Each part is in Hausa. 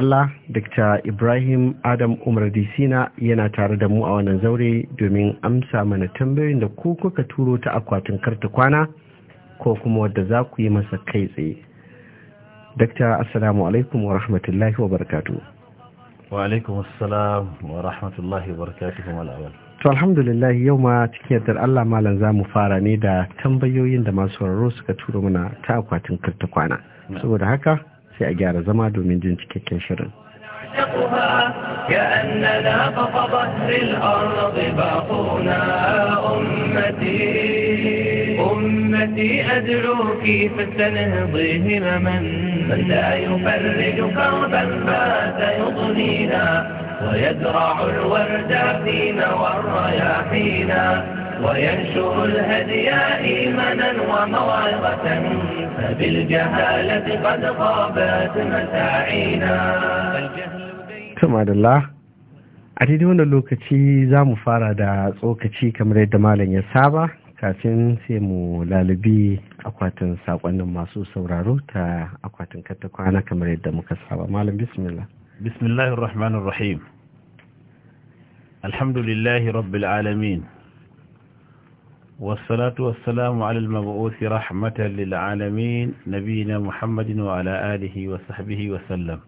Allah Dr. Ibrahim Adam Umar Disina yana tare da mu a wannan zaure domin amsa mana tambayoyin da ku kuka turo ta akwatin karta kwana ko kuma wadda za ku yi masa kai tsaye. Dr. Assalamu alaikum wa rahmatullahi wa barakatu. Wa alaikum assalam wa rahmatullahi wa barakatu kuma al'awal. To alhamdulillah yau ma cikin yardar Allah malam za mu fara ne da tambayoyin da masu sauraro suka turo mana ta akwatin karta kwana. Saboda haka sai a gyara zama domin jin cikakken shirin كأننا فقبت للأرض باقونا أمتي أمتي أدعوك فاستنهضي همما من لا يفرج كربا فات يضنينا ويزرع الورد فينا والرياحينا وينشر الهدي إيمانا وموعظة فبالجهالة قد غابت متاعينا كما لله a daidai wannan lokaci za mu fara da tsokaci kamar yadda malam ya saba kafin sai mu lalubi akwatin sakonnin masu sauraro ta akwatin katta kwana kamar yadda muka saba malam bismillah bismillahir rahmanir rahim alhamdulillahi rabbil alamin والصلاة والسلام على المبعوث رحمة للعالمين نبينا محمد وعلى آله وصحبه وسلم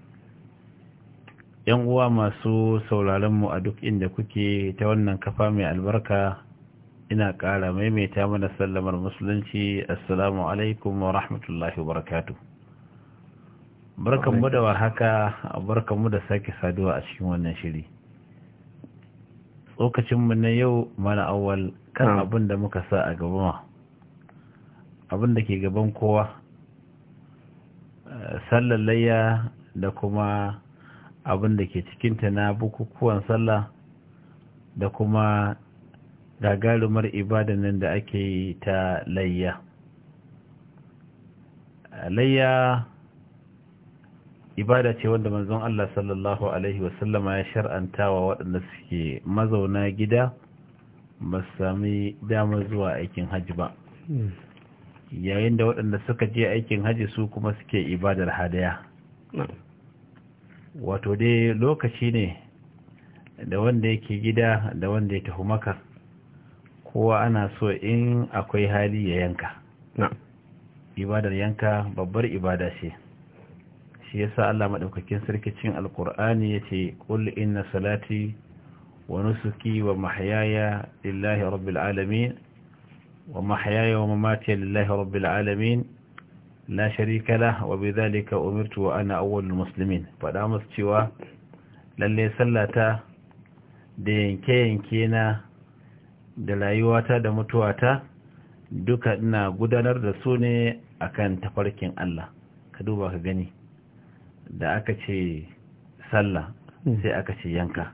uwa masu sauraronmu a duk inda kuke ta wannan kafa mai albarka ina ƙara maimaita mana sallamar musulunci assalamu alaikum wa rahmatullahi wa barakatu barkanmu da warhaka barkanmu da sake saduwa a cikin wannan shiri tsokacinmu na yau mana awal kan mm. abin da muka sa a gaba abin da ke gaban kowa eh, sallar layya da kuma abin da ke cikinta na bukukuwan sallah da kuma gagarumar ibadan nan da ake yi ta layya eh, layya ibada ce wanda manzon Allah sallallahu Alaihi wasallama ya shar'anta waɗanda suke mazauna gida ba su sami damar zuwa aikin hajji ba yayin da waɗanda suka je aikin hajji su kuma suke ibadar hadaya wato dai lokaci ne da wanda yake gida da wanda ya tafi maka kowa ana so in akwai hali ya yanka ibadar yanka babbar ibada ce shi yasa Allah maɗaukakin sarkicin alkur'ani ya ce ƙulli inna salati ونسكي ومحياي لله رب العالمين ومحياي ومماتي لله رب العالمين لا شريك له وبذلك أمرت وأنا أول المسلمين فدامس سوى للي دين كين كينا دلايواتا دمتواتا duka ina gudanar da أكان ne akan tafarkin Allah ka da aka ce sallah sai aka ce yanka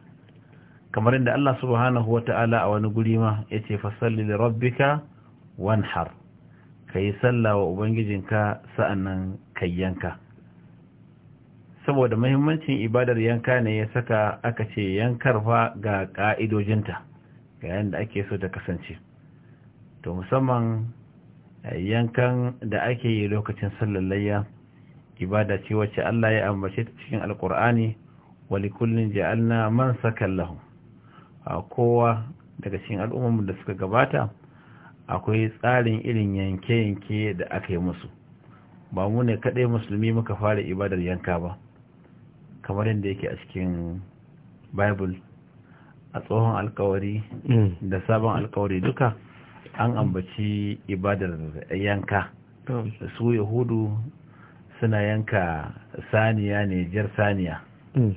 kamar inda Allah subhanahu wa ta'ala a wani guri ma ya ce fasalli da rabbika wanhar ka yi sallah wa ubangijinka sa'annan kai yanka saboda mahimmancin ibadar yanka ne ya saka aka ce yankar fa ga ka'idojinta ga yadda ake so ta kasance to musamman eh, yankan da ake yi lokacin sallar layya ibada ce wacce Allah ya ambace ta cikin alkur'ani wa likullin ja'alna man sakallahu a kowa daga cikin al'ummarmu da suka gabata akwai tsarin irin yanke-yanke da aka yi musu ba mu ne kaɗai musulmi muka fara ibadar yanka ba kamar yadda yake a cikin bible a tsohon alkawari mm. da sabon alkawari duka an ambaci ibadar yanka mm. su yahudu suna yanka saniya ne jar saniya mm.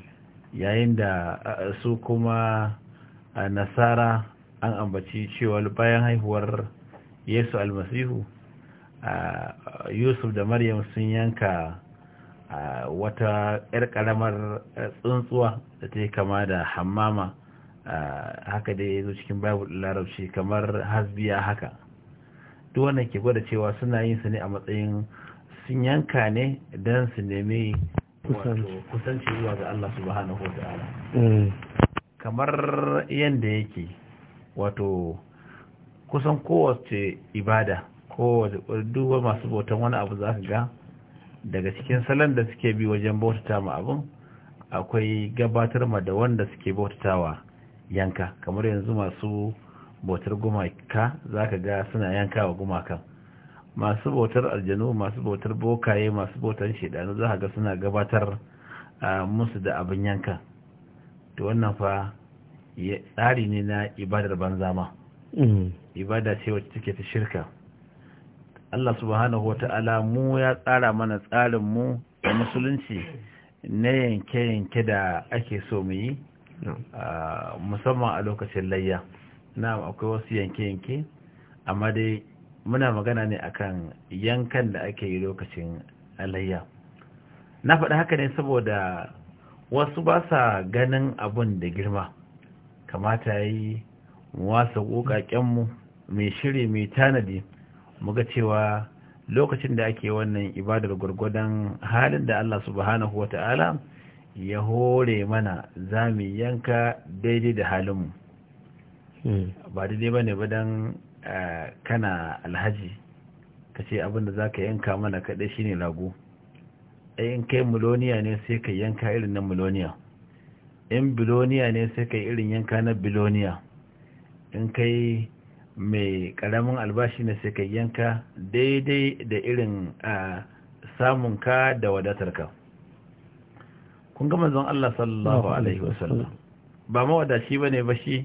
yayin da su kuma a nasara an ambaci cewa bayan haihuwar yesu almasihu yusuf da maryam sun yanka wata 'yar karamar tsuntsuwa da ta yi kama da hammama haka da ya zo cikin babu larabci kamar hasbiya haka duk wannan ke gwada cewa suna yin su ne a matsayin sun yanka ne don su nemi kusanci zuwa ga Allah subhanahu wa ta'ala mm. kamar yadda yake wato kusan kowace ibada kowace duba masu bautan wani abu za ga daga cikin salon da suke bi wajen bautata ma abin akwai gabatar ma da wanda suke bautatawa yanka kamar yanzu masu bautar gumaka za ka ga suna yanka wa gumakan masu bautar aljanu masu bautar bokaye masu bautar shedanu za ka ga suna gabatar ah, musu da abin yankan to wannan fa tsari ne na ibadar banza ma mm. ibada ce wacce take ta shirka Allah subhanahu wa ta'ala mu ya tsara mana tsarin mu da musulunci na yanke-yanke da ake so mu yi musamman a lokacin layya na akwai wasu yanke-yanke amma dai muna magana ne akan yankan da ake yi lokacin layya na faɗi haka ne saboda wasu ba sa ganin abun da girma kamata yi wasa ƙoƙaƙenmu mai shiri mai tanadi muga cewa lokacin da ake wannan ibadar gwargwadon halin da Allah subhanahu wa ta'ala ya hore mana za mu yanka daidai da halinmu hmm. ba daidai ba ne badan eh, kana alhaji ka ce da za ka yanka mana kaɗai shine lagu. in kai miloniya ne sai ka yanka irin na miloniya in biloniya ne sai ka irin yanka na biloniya in kai mai karamin albashi ne sai ka yanka daidai da irin samun ka da wadatarka kun ga manzon Allah sallallahu alaihi wasallam ba mawadaci bane ba shi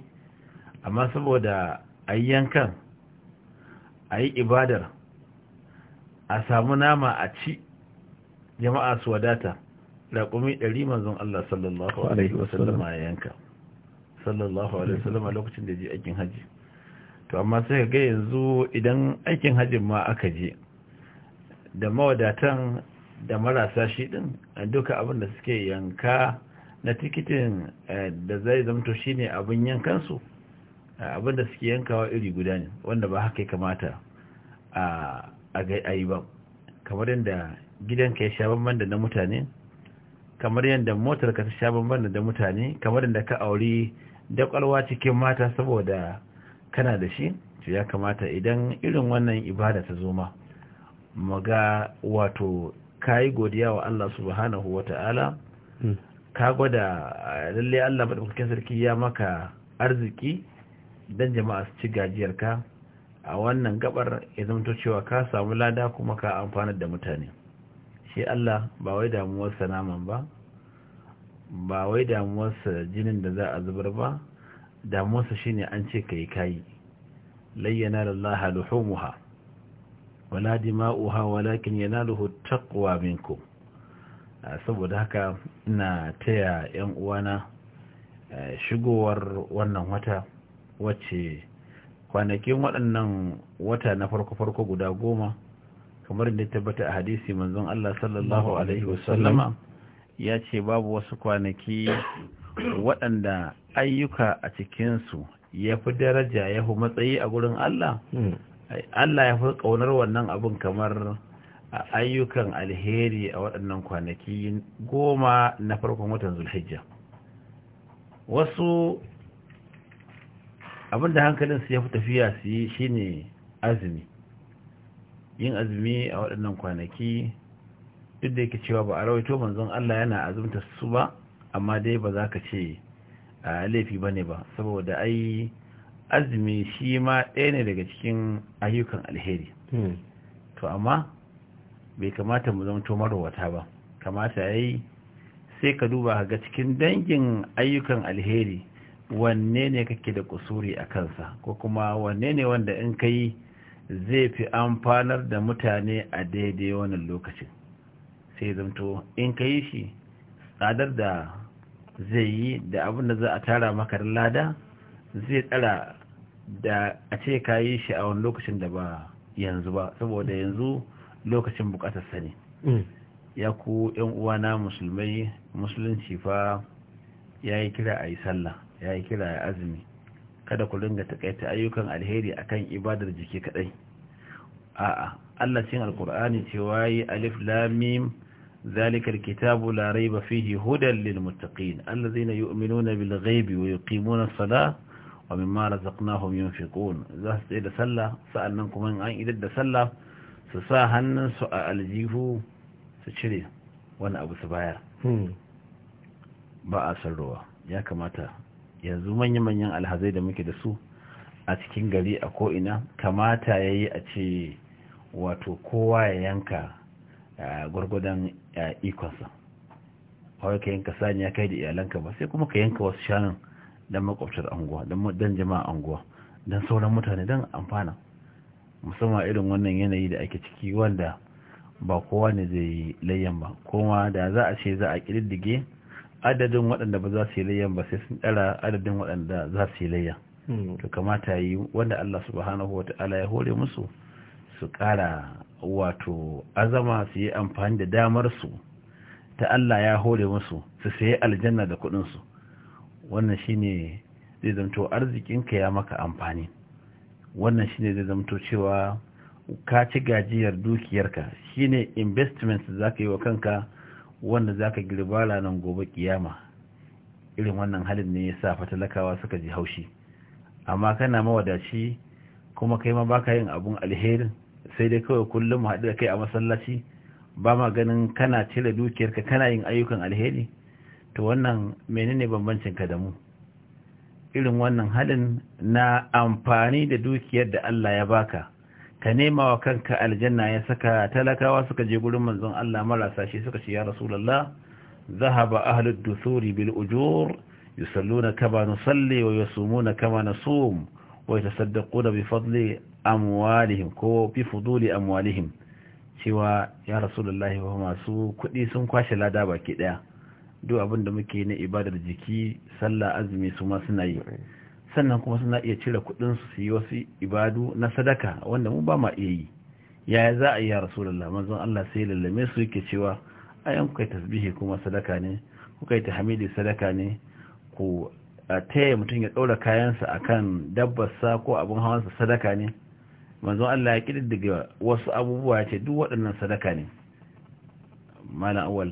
amma saboda ayyankan ayi ibadar a samu nama a ci jama'a su wadata raƙumi ɗari manzon Allah sallallahu alaihi wasallam a yanka sallallahu alaihi wasallam a lokacin da je aikin hajji to amma sai ga yanzu idan aikin hajji ma aka je da mawadatan da marasa shi a duka abin da suke yanka na tikitin eh, da zai zamto ne abin yankansu eh, abin da suke yankawa iri guda ne wanda ba haka kamata ah, a yi ba kamar yadda gidanka ya sha bamban da na mutane kamar yadda motarka ta sha bamban da mutane kamar yadda ka auri dakwalwa cikin mata saboda kana da shi to ya kamata idan irin wannan ibada ta zo ma maga wato kayi godiya wa Allah subhanahu wata'ala hmm. ka gwada eh, lalle Allah madaukakin sarki ya maka arziki dan jama'a su ci gajiyar ka a wannan gabar ya zama cewa ka samu lada kuma ka amfanar da mutane shi Allah ba wai damuwarsa naman ba ba wai damuwarsa jinin da za a zubar ba damuwarsa shine an ce yi kayi layyana lallaha luhumuha wala dima'uha walakin yana takwa minku saboda haka ina taya yan uwana shigowar wannan wata wacce kwanakin waɗannan wata na farko-farko guda goma kamar da tabbata a hadisi manzon Allah sallallahu alaihi wasallama ya ce babu wasu kwanaki waɗanda ayyuka a cikinsu ya fi daraja ya fi matsayi a gurin Allah hmm. Allah ya fi ƙaunar wannan abin kamar a ayyukan alheri a waɗannan kwanaki goma na farkon watan zulhijja wasu abinda hankalinsu ya fi tafiya su yi shine azumi yin azumi a waɗannan kwanaki duk da yake cewa ba a rawaito manzon Allah yana azumta su ba amma dai ba za ka ce a laifi ba ne ba saboda ai azumi shi ma ɗaya ne daga cikin ayyukan alheri hmm. to amma bai kamata mu zama tomarwata ba kamata ya yi sai ka duba ga cikin dangin ayyukan alheri wanne ne kake da kusuri a kansa ko kuma wanne ne wanda in ka yi zai fi amfanar da mutane a daidai wannan lokacin sai zamto in ka yi shi tsadar da zai yi da abin da za a tara maka lada zai tsara da a ce ka yi shi a wani lokacin da ba yanzu ba saboda yanzu lokacin bukatar sani mm. ya ku yan uwana musulmai musulunci fa ya yi kira a yi sallah ya yi kira a azumi kada ku ringa takaita ayyukan alheri akan ibadar jiki kadai a'a Allah cikin alkur'ani cewa yi alif lam mim ذلك الكتاب لا ريب فيه هدى للمتقين الذين يؤمنون بالغيب ويقيمون الصلاة ومما رزقناهم ينفقون ذا سيدة سلة سألنكم من أن إذا سلة سساهن سؤال جيفو سشري وانا أبو سباير بقى سروا يا كماتا yanzu manya-manyan alhazai da muke da su a cikin gari a ko'ina kamata ya yi a ce wato kowa ya yanka gwargwadon ikonsa kawai ka yanka sani ya kai da iyalanka ba sai kuma ka yanka wasu shanun don makwabtar anguwa don jama'a anguwa don sauran mutane don amfana musamman irin wannan yanayi da ake ciki wanda ba kowa ne zai layyan ba kuma da za a ce za a ƙididdige adadin waɗanda ba za su yi layyan ba sai sun ɗara adadin waɗanda za su yi layyan hmm. to kamata yi wanda Allah subhanahu wa ta'ala ya hore musu su ƙara wato azama su yi amfani da damar su ta Allah ya hore musu su sayi aljanna da kuɗin su wannan shine zai zamto ka ya maka amfani wannan shine zai zamto cewa ka ci gajiyar dukiyarka shine investment za ka yi wa kanka wanda za ka girba ranar gobe kiyama irin wannan halin ne ya sa fatalakawa suka ji haushi amma kana mawadaci kuma kai ma baka yin abun alherin sai dai kawai kullum mu haɗu da kai a masallaci ba ma ganin kana cire dukiyarka kana yin ayyukan alheri to wannan menene bambancin ka da mu irin wannan halin na amfani da dukiyar da Allah ya baka ka nema wa kanka aljanna ya saka talakawa suka je gurin manzon Allah marasa shi suka ce ya rasulullah zahaba ahlud duthuri bil ujur yusalluna kama nusalli wa yasumuna kama nasum wa yatasaddaquna bi fadli amwalihim ko bi fuduli amwalihim cewa ya rasulullah wa masu kuɗi sun kwashe lada baki daya duk abin da muke na ibadar jiki sallah azumi su ma suna yi sannan kuma suna iya cire kuɗin su yi wasu ibadu na sadaka wanda mu ba ma iya yi yaya za a yi ya rasulullah manzon Allah sai lallame su yake cewa yan kuka tasbihi kuma sadaka ne kuka yi tahmidi sadaka ne ku taya mutum ya ɗaura kayansa a kan dabbarsa ko abin hawansa sadaka ne manzon Allah ya daga wasu abubuwa ya ce duk waɗannan sadaka ne mana awal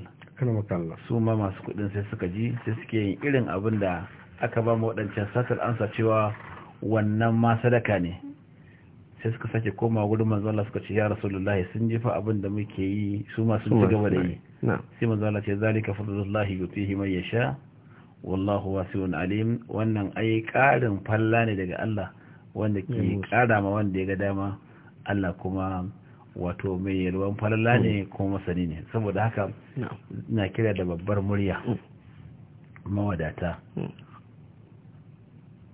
su ma masu kuɗin sai suka ji sai suke yin irin abin da aka ba mu waɗancan satar ansa cewa wannan ma sadaka ne sai suka sake koma gudun manzo Allah suka ce ya rasulullahi sun jifa abin da muke yi su masu ci gaba da yi sai manzo Allah ce zalika fadlullahi yutihi man sha wallahu wasi'un alim wannan ai karin falla ne daga Allah wanda ke kara ma wanda ya ga dama Allah kuma wato mai yalwan falala ne kuma masani ne saboda haka na kira da babbar murya mm. mawadata mm.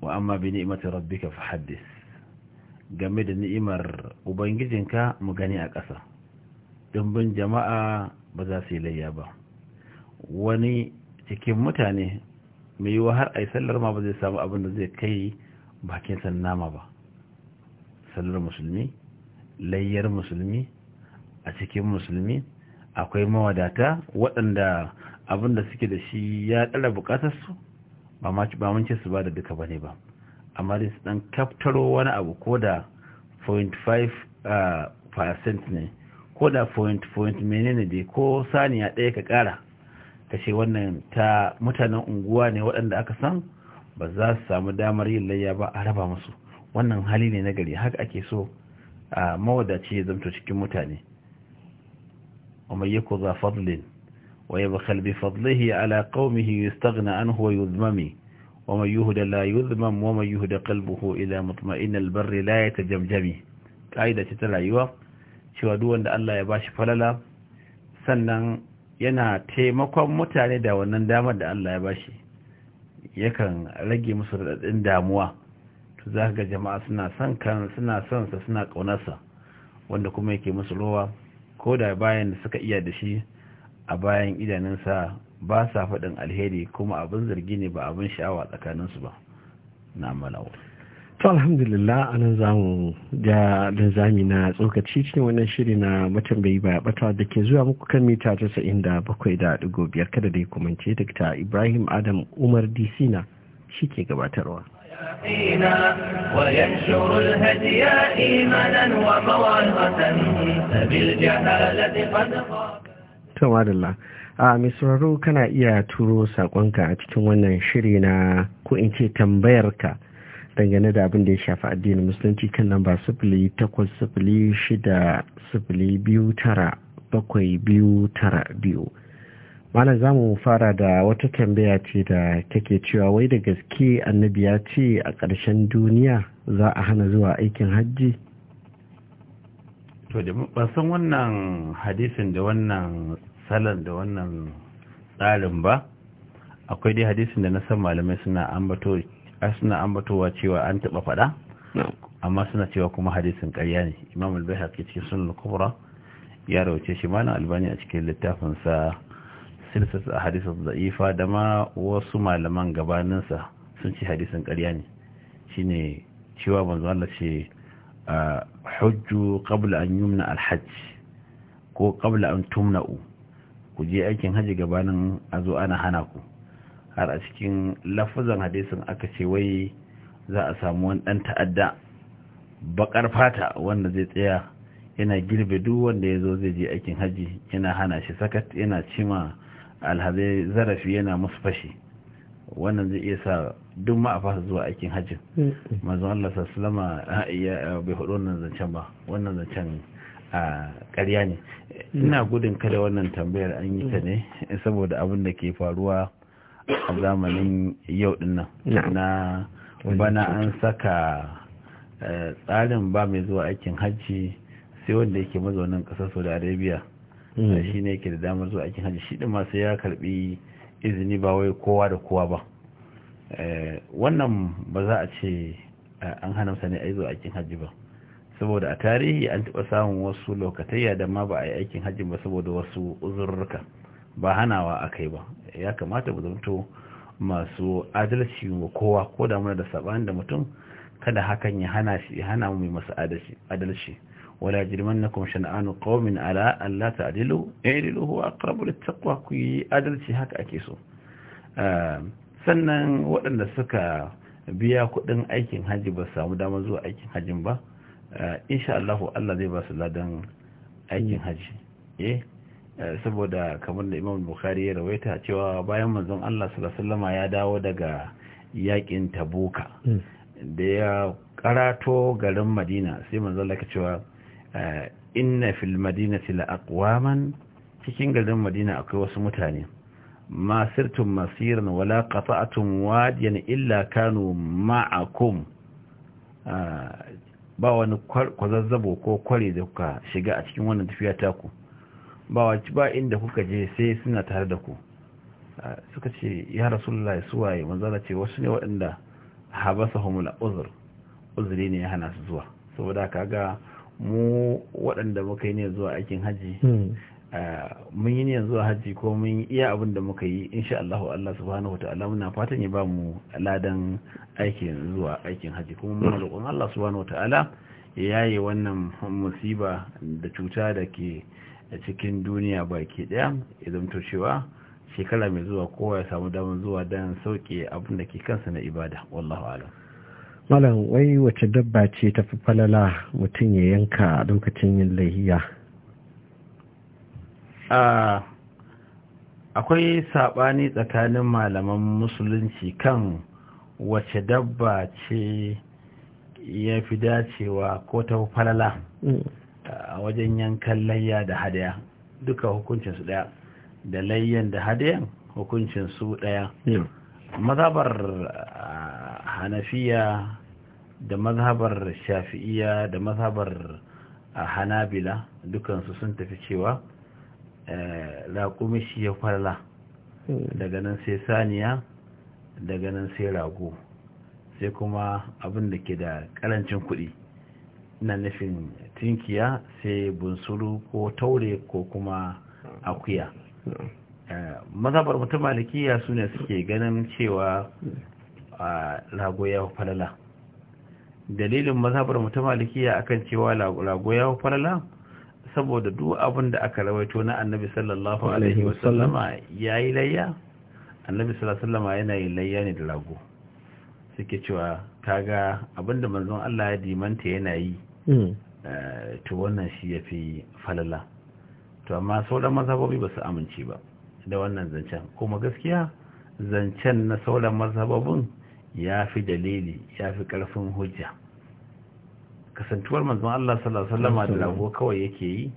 wa amma bi ni'imati rabbika haddis game da ni'imar ubangijinka mu gani a ƙasa dimbin jama'a ba za su yi layya ba wani cikin mutane mai yiwa har ai sallar ma ba zai samu abin da zai kai bakin san nama ba sallar musulmi layyar musulmi a cikin musulmi akwai mawadata waɗanda abin da suke da shi ya ɗara buƙatarsu ba mun ce su ba da duka bane ba amma dai su dan kaftaro wani abu ko da 0.5% ne ko da point point menene dai ko saniya ɗaya ka ƙara ka ce wannan ta mutanen unguwa ne waɗanda aka san ba za su samu damar yin layya ba a raba musu wannan hali ne na gari haka ake so a mawadaci ya zamto cikin mutane umar za fadlin ويبخل بفضله على قومه يستغنى عنه ويذمم ومن يهد لا يذمم ومن يهد قلبه إلى مطمئن البر لا يتجمجم ta تلعيوة cewa duk wanda Allah ya bashi falala sannan yana taimakon mutane da wannan damar da Allah ya bashi yakan rage musu radadin damuwa to za ga jama'a suna son suna sa suna kaunarsa wanda kuma yake musu rowa ko da bayan da suka iya da shi a bayan idanunsa ba sa faɗin alheri kuma abin zargi ne ba abin sha'awa tsakaninsu ba na malawa to alhamdulillah a nan zamu da da zami na tsokaci cikin wannan shiri na matambayi ba bata da ke zuwa muku kan mita casa'in da bakwai da digo biyar kada dai kumance dakta ibrahim adam umar dc na shi ke gabatarwa Kama da a mai kana iya turo saƙonka a cikin wannan shiri na ko in ce tambayarka dangane da abin da ya shafi addinin musulunci kan nan sifili takwas sifili shida sifili biyu tara bakwai biyu tara biyu malam za mu fara da wata tambaya ce da take cewa wai da gaske annabi ya ce a ƙarshen duniya za a hana zuwa aikin hajji to da ban san wannan hadisin da wannan salar da wannan tsarin ba akwai dai hadisin da na san malamai suna ambatowa cewa an taɓa faɗa amma suna cewa kuma hadisin ƙarya ne imam albaiha ke cikin sunan kubra ya rawace shi malam albani a cikin littafin sa a ahadithu za'ifa da ma wasu malaman gabanin sa sun ce hadisin ƙarya ne shine cewa manzo Allah ce ah, hujju qabla an yumna al ko qabla an tumna'u ku je aikin haji gabanin a zo ana hana ku har a cikin lafazan hadisin aka ce wai za a samu wani ɗan ta'adda bakar fata wanda zai tsaya yana girbe duk wanda ya zo zai je aikin haji yana hana shi sakat yana cima alhazai zarafi yana musu fashi wannan zai iya sa duk ma a fasa zuwa aikin hajji mm. mazan Allah sallama bai hudu wannan zancen ba wannan zancen a ƙarya ne ina gudun kada wannan tambayar an yi ta ne saboda abin da ke faruwa a zamanin yau din na bana an saka eh, tsarin ba mai zuwa aikin hajji sai wanda yake mazaunin ƙasar saudi arabia mm. shi ne yake da damar zuwa aikin hajji shi ma masu ya karbi izini ba wai kowa da kowa ba eh, wannan ba za a ce eh, an hana ne a yi zuwa aikin hajji ba saboda a tarihi an taba samun wasu lokatayya da ma ba a yi aikin hajji ba saboda wasu uzurruka ba hanawa a kai ba ya kamata mu zanto masu adalci wa kowa ko da muna da saɓani da mutum kada hakan ya hana shi ya hana mu mai masu adalci wala jirman na kuma shana'anu qaumin ala Allah yi dilu huwa da takwa ku yi adalci haka ake so ah, sannan waɗanda suka biya kuɗin aikin hajji ba samu damar zuwa aikin hajjin ba Eh, insha Allah Allah zai ba su ladan aikin haji eh, eh saboda kamar da Imam Bukhari ya rawaita cewa bayan manzon Allah sallallahu alaihi ya dawo daga yakin Tabuka da ya karato garin Madina sai manzon Allah cewa eh, inna fil madinati la aqwaman cikin garin Madina akwai wasu mutane ma sirtum masiran wala qata'tum wadiyan illa kanu ma'akum ah, ba wani kwazazzabo ko kware da kuka shiga a cikin wannan tafiya taku ba wace ba inda kuka je sai suna tare da ku suka ce ya rasulullah ya suwaye manzala ce wasu ne waɗanda habasa humula uzur uzuri ne ya hana su zuwa saboda kaga mu waɗanda muka yi ne zuwa aikin hajji hmm. mun yi yanzu a hajji ko mun yi iya abin da muka yi insha Allah Allah subhanahu ta'ala muna fatan ya ba mu ladan aikin zuwa aikin hajji kuma muna roƙon Allah subhanahu ta'ala ya yaye wannan musiba da cuta da ke cikin duniya baki ɗaya ya zamto cewa shekara mai zuwa kowa ya samu damar zuwa don sauke abin da ke kansa na ibada wallahu alam malam wai wace dabba ce ta fi falala mutum ya yanka lokacin yin lahiya akwai saɓani tsakanin malaman musulunci kan wace dabba ce ya fi dacewa ko ta falala a wajen yankan layya da hadaya duka hukuncin su daya da layyan da hadayan hukuncin su daya mazhabar hanafiya da mazhabar shafi'iya da mazhabar hanabila dukansu sun tafi cewa Eh, raƙumi shi ya farla hmm. daga nan sai saniya daga nan sai rago sai kuma abin da ke da ƙarancin kuɗi na nufin tinkiya sai bunsuru ko taure ko kuma akuya hmm. eh, mazabar mutum malikiya su ne suke ganin cewa rago ya falala dalilin mazabar mutum malikiya akan cewa rago ya falala saboda duk abin da aka rawaito na annabi sallallahu alaihi wasallama ya yi layya annabi sallallahu alaihi wasallama yana yin layya ne da rago suke cewa kaga abin da manzon Allah ya dimanta yana yi hmm. eh, to wannan shi ya fi falala to amma sauran mazhabobi ba su amince ba da wannan zancen kuma gaskiya zancen na sauran mazhabobin ya fi dalili ya fi ƙarfin hujja kasantuwar manzo Allah sallallahu alaihi wasallam da rago kawai yake yi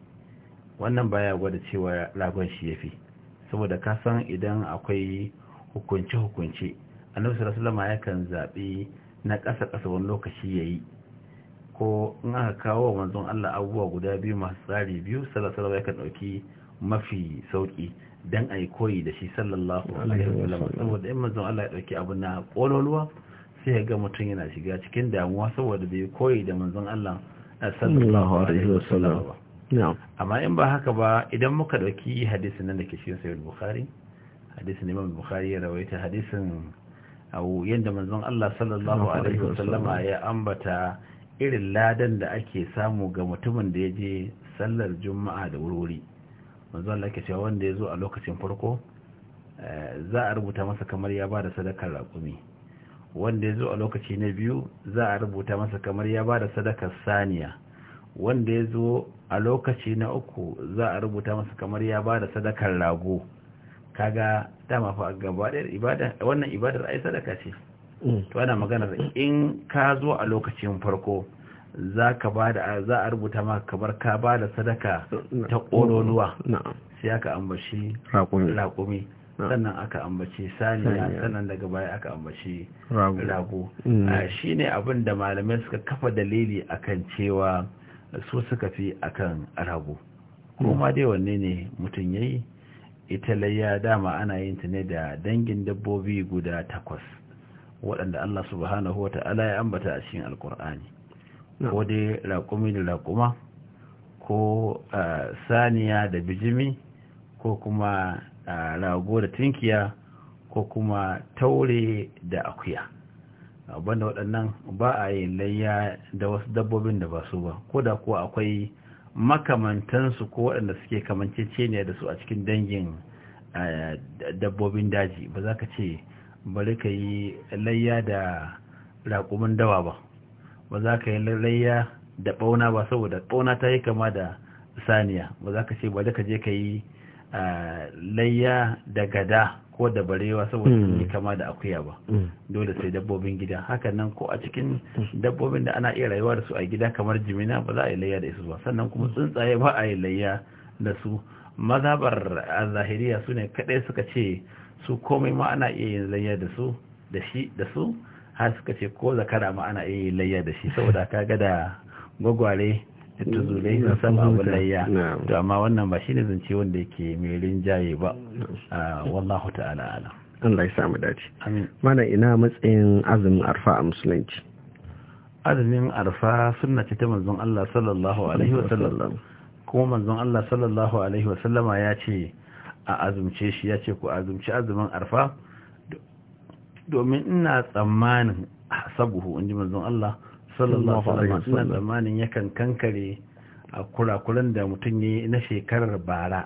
wannan baya gwada cewa ragon shi yafi saboda ka san idan akwai hukunce hukunce annabi sallallahu alaihi wasallama yakan zabi na ƙasa ƙasa wani lokaci yayi ko in aka kawo manzo Allah abubuwa guda biyu masu tsari biyu sallallahu alaihi wasallama yakan dauki mafi sauki dan ai koyi da shi sallallahu alaihi wasallam saboda in manzo Allah ya dauki abu na kololuwa sai ga mutum yana shiga cikin damuwa saboda bai koyi da manzon Allah sallallahu alaihi wasallam amma in ba haka ba idan muka dauki hadisin nan da ke cikin sahih bukhari hadisin imam bukhari ya rawaita hadisin au yanda manzon Allah sallallahu alaihi wasallam ya ambata irin ladan da ake samu ga mutumin da ya je sallar juma'a da wurwuri manzon Allah ke cewa wanda ya zo a lokacin farko eh, za a rubuta masa kamar ya ba da sadakar raƙumi wanda ya zo a lokaci na biyu za a rubuta masa kamar ya ba da sadakar saniya wanda ya zo a lokaci na uku za a rubuta masa kamar ya ba da sadakar rago kaga dama fa gaba ɗaya ibada wannan ibadar ai sadaka ce mm. to ana maganar in ka zo a lokacin farko za ka ba da za a rubuta maka kamar ka ba da sadaka ta ƙoronuwa sai aka ambashi raƙumi sannan aka ambaci saniya sannan daga baya aka ambaci rago mm. ah, shi ne abin da malamai suka kafa dalili akan cewa su suka fi akan rago mm. kuma dai wanne ne mutum ya yi ita layya dama ana yin ta ne da dangin dabbobi guda takwas waɗanda Allah subhanahu wa ta'ala ya ambata a cikin alkur'ani ko dai raƙumi da raƙuma ko ah, saniya da bijimi ko kuma rago da tinkiya ko kuma taure da akuya banda waɗannan ba a yi layya da wasu dabbobin da ba su ba ko da kuwa akwai makamantansu ko waɗanda suke kamanceceniya da su a cikin dangin dabbobin daji ba za ka ce bari ka yi layya da raƙumin dawa ba ba za ka yi layya da ɓauna ba saboda ɓauna ta yi kama da saniya ba za ka ce bari ka je ka yi layya da gada ko da barewa saboda sun yi hmm. kama da akuya ba hmm. dole sai dabbobin gida hakan nan ko a cikin hmm. dabbobin da ana iya rayuwa da su a gida kamar jimina ba za a yi layya da isu ba sannan kuma tsuntsaye ba a yi layya da su a zahiriya su ne kaɗai suka ce su komai ma ana iya yin layya da su da shi da su har suka ce ko zakara ma ana iya yin layya da shi saboda ka ga da gwagware Mm. zulai na sama bulayya to amma wannan ba shine zance wanda yake mai rinjaye ba ah, wallahu ta'ala ala Allah ya samu dace mana ina matsayin azumin arfa a musulunci azumin arfa sunna ce ta manzon Allah sallallahu alaihi wa sallam kuma manzon Allah sallallahu alaihi wa sallama ya ce a azumce shi ya ce ku azumci azumin arfa domin ina tsammanin sabuhu inji manzon Allah sallallahu alaihi wasallam zamanin yakan kankare a kurakuran da mutum ya na shekarar bara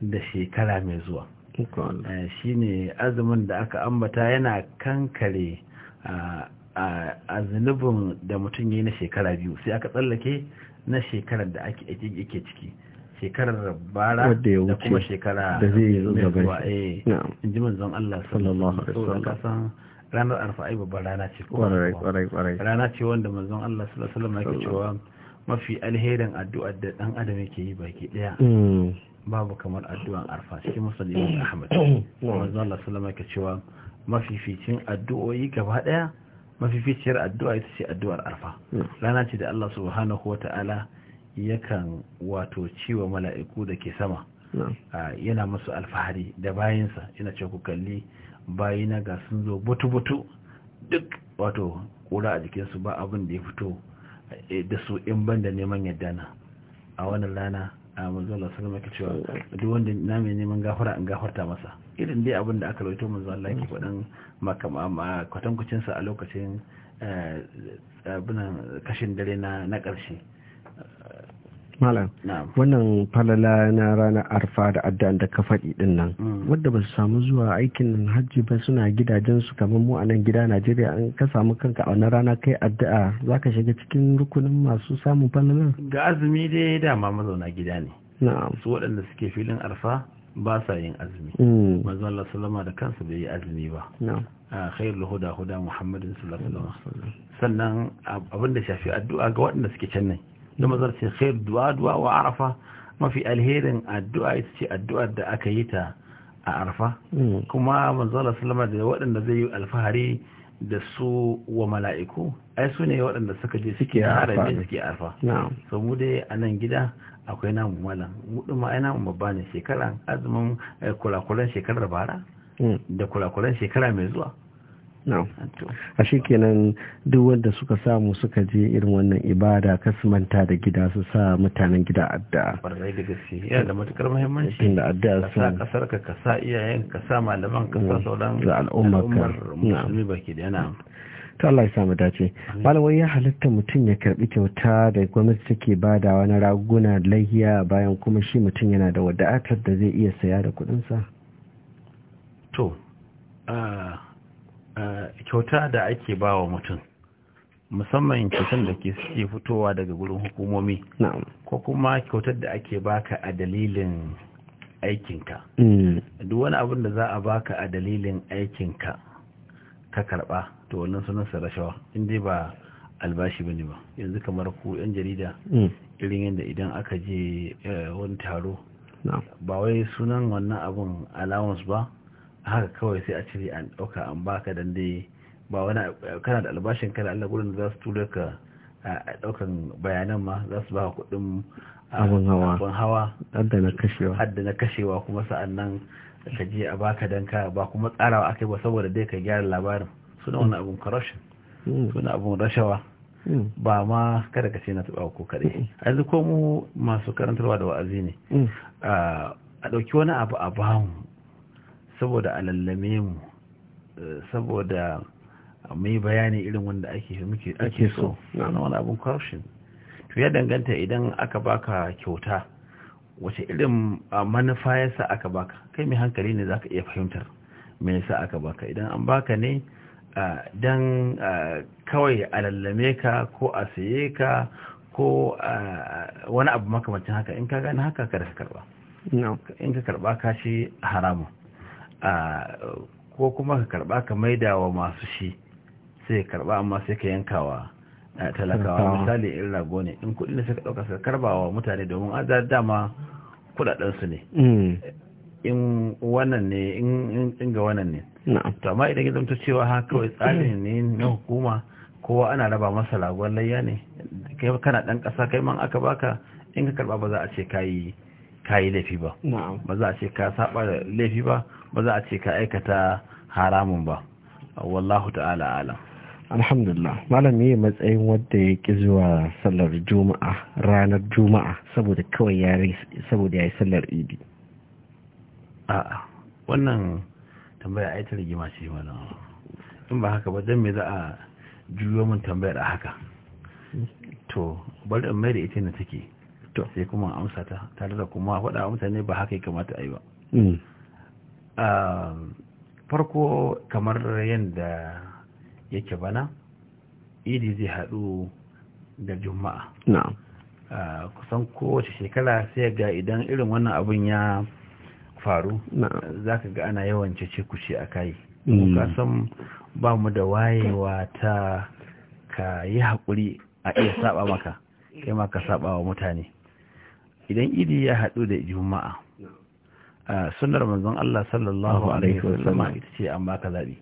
da shekara mai zuwa eh, shi ne azumin da aka ambata yana kankare a zunubin da mutum ya na shekara biyu sai aka tsallake na shekarar da ake yake ciki shekarar bara da kuma shekara da zai yi zuwa a eh, in ji zan Allah sallallahu alaihi wasallam ranar arfa'i babban rana ce rana ce wanda manzon Allah sallallahu alaihi cewa mafi alherin addu'a da dan adam yake yi baki daya hmm. babu kamar addu'an arfa cikin musallin hmm. Ahmad hmm. manzon Allah sallallahu alaihi cewa mafificin addu'o'i gaba daya mafificiyar addu'a ita ce addu'ar arfa rana ce da Allah subhanahu taala yakan wato ciwa mala'iku da ke sama ah, yana masu alfahari da bayansa yana ce ku kalli bayi na ga sun zo butu-butu duk wato kura a jikinsu ba abin da ya fito eh, da su in ban da neman yadda na a wannan rana a manzala salama maka cewa duk wanda na mai neman gafara an gafarta masa irin dai abin da aka rawaito manzuwa ke kwadon makama kwatankucinsa a lokacin eh, abinan kashin dare na karshe. malam wannan falala na ranar arfa da addan da ka faɗi din nan mm. wadda ba su samu zuwa aikin hajji ba suna gidajensu kamar mu a nan gida najeriya an ka samu kanka a wannan rana kai addu'a za ka shiga cikin rukunin masu samun falala ga azumi dai dama mazauna gida ne su waɗanda suke filin arfa ba sa yin azumi mm. manzo Allah sallama da kansa bai yi azumi ba a khairul huda huda muhammadin sallallahu alaihi wasallam sannan abin da shafi addu'a ga waɗanda suke can nan da mazar ce khair du'a du'a wa arafa mafi alherin addu'a ita ce addu'ar da aka yi ta a arfa mm. kuma manzala salama da waɗanda zai yi alfahari da su wa mala'iku ai su ne waɗanda suka je suke harami suke arfa so mu dai a nan gida akwai namu malam mu ma ai namu babba ne shekaran azumin eh, kulakulan shekarar bara mm. da kulakulan shekara mai zuwa a kenan duk wanda suka samu suka je irin wannan ibada kasu manta da gida su sa mutanen gida addu'a barai da gaske yana da matukar muhimmanci da addu'a su ka kasar ka ka sa iyayen ka sa malaman ka sa sauran al'ummar musulmi baki da yana ta Allah ya samu dace malamai ya halitta mutum ya karbi kyauta da gwamnati take badawa na raguna lahiya bayan kuma shi mutum yana da wadatar da zai iya saya da kuɗinsa to ah, Eh, kyauta da ake ba wa mutum musamman kyautar da ke suke fitowa daga gurin hukumomi ko kuma kyautar da ake baka a dalilin aikinka mm. duk wani abin da za a baka a dalilin aikinka ka karba to wannan sunansa rashawa inda ba albashi bane ba yanzu kamar ku yan jarida mm. irin yadda idan aka je eh, wani taro ba wai sunan wannan abun allowance ba haka kawai sai a cire an ɗauka an baka dan dai ba wani kana da albashin kana Allah gurin za su tura ka a ɗaukan bayanan ma za su baka kuɗin abin hawa hadda na kashewa hadda na kashewa kuma sa'an nan ka je a baka dan ka ba kuma tsarawa akai ba saboda dai ka gyara labarin suna mm. wani abun corruption mm. suna abun rashawa mm. ba ma kada ka ce na taɓa ko kaɗai a ko mu masu karantarwa da wa'azi ne a ɗauki wani abu a bamu saboda a lallame mu eh, saboda mai bayani irin wanda ake so na wani abin corruption to ya danganta idan aka baka kyauta wace irin ah, manufa ya aka baka kai mai hankali ne zaka iya fahimtar me yasa aka baka idan an baka ne ah, dan ah, kawai a lallame ka ko a saye ka ko wani abu makamancin haka in ka gane haka ka karba in ka karba ka shi haramun ko kuma ka karba ka maida wa masu shi sai karba amma sai ka yankawa talakawa misali irin rago ne in kuɗi ne suka ɗauka suka karba wa mutane domin an dama kuɗaɗensu ne mm. in wannan ne in ga wannan ne to amma idan zamto cewa ha kawai tsarin ne na hukuma kowa ana raba masa ragon layya ne kai kana ɗan kasa kai man aka baka in ka karba ba za a ce kayi ka yi laifi ba ba za a ce ka saba da laifi ba ba za a ce ka aikata haramun ba wallahu ta'ala ala. alhamdulillah malam yi matsayin wanda ya ki zuwa sallar juma'a ranar juma'a saboda kawai ya saboda ya yi sallar idi a'a wannan tambaya ai ta rigima ce mana in ba haka ba dan me za a juyo min tambayar a haka mm. to bari in mai da ita ne take to sai kuma amsa ta tare da kuma faɗa mutane ba haka ya kamata a yi ba mm. ah, farko kamar yadda yake bana idi zai haɗu da juma'a ah, kusan kowace shekara sai ga idan irin wannan abin ya faru za ka ga ana yawan cece kushe a kayi mm. kasan ba mu da wayewa ta ka yi haƙuri a iya saba maka kai ma ka saba wa mutane idan idi ya haɗu da juma'a a sunar manzon Allah sallallahu alaihi wasallam ita ce amma baka zaɓi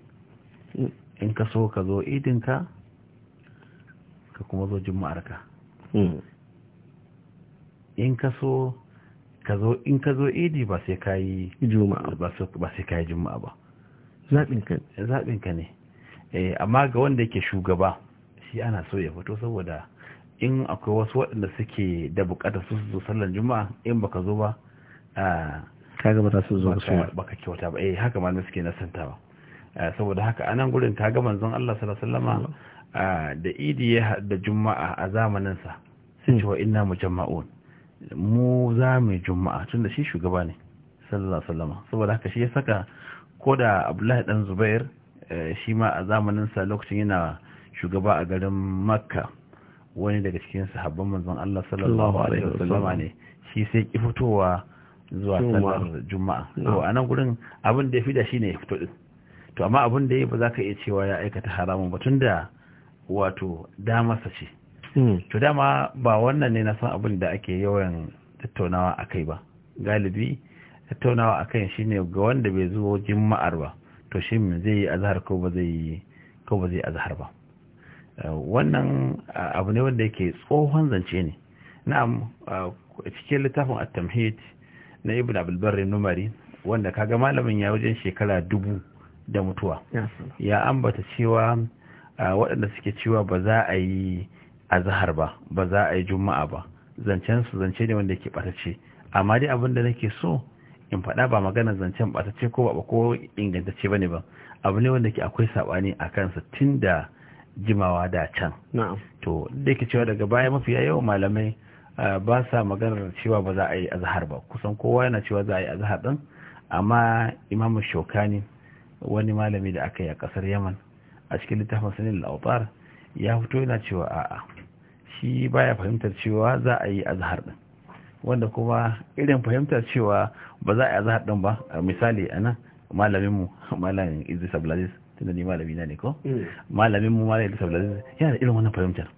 hmm. in ka so ka zo idinka ka kuma zo juma'arka hmm. in ka so ka zo in ka zo idi ba sai ka yi juma'a ba sai ka yi juma'a ba zaɓinka ne eh, amma ga wanda yake shugaba shi ana so ya fito saboda in akwai wasu waɗanda suke da bukatar su su sallan juma'a in baka zo ba ka gaba ta su zo su baka kyauta ba eh haka ma suke ba saboda haka a nan gurin ka ga manzon Allah sallallahu alaihi wasallama da idi ya da juma'a a zamanin sa sun hmm. ce wa inna mujamma'un mu za mu juma'a tunda shi shugaba ne sallallahu alaihi wasallama saboda haka shi ya saka ko da Abdullahi dan Zubair eh, shi ma a zamanin sa lokacin yana shugaba a garin Makka wani daga cikin sahabban manzon Allah sallallahu alaihi wasallama ne shi sai ki fitowa zuwa sallar juma'a to a gurin abin da ya fida shine ya fito din to amma abin da ya ba za ka iya cewa ya aikata haramun ba tunda wato damarsa ce hmm. to dama ba wannan ne na san abin da ake yawan tattaunawa akai ba galibi tattaunawa akan shine ga wanda bai zo juma'ar ba to shin zai yi azhar ko ba zai ko ba zai azhar ba wannan abu ne wanda yake tsohon zance ne na'am cikin littafin at na ibn abul numari wanda kaga malamin ya wajen shekara dubu da mutuwa ya ambata cewa waɗanda suke cewa ba za a yi azhar ba ba za a yi juma'a ba zancen su zance ne wanda yake ɓatace amma dai abin da nake so in faɗa ba magana zancen ɓatace ko ba ko ingantacce bane ba abu ne wanda ke akwai saɓani a kansa tun da jimawa da can to da ke cewa daga baya mafiya yawan malamai ba sa maganar cewa ba za a yi azahar ba kusan kowa yana cewa za a yi azahar ɗin amma imamu shokani wani malami da aka yi a kasar yaman a cikin littafin sanin al'autar ya fito yana cewa a'a shi baya fahimtar cewa za a yi azahar ɗin. wanda kuma irin fahimtar cewa ba za a yi azahar ɗin ba misali ana malaminmu malamin idris abdulaziz tunda ni malami na ne ko mm. malamin mu malai da yana da irin wannan fahimtar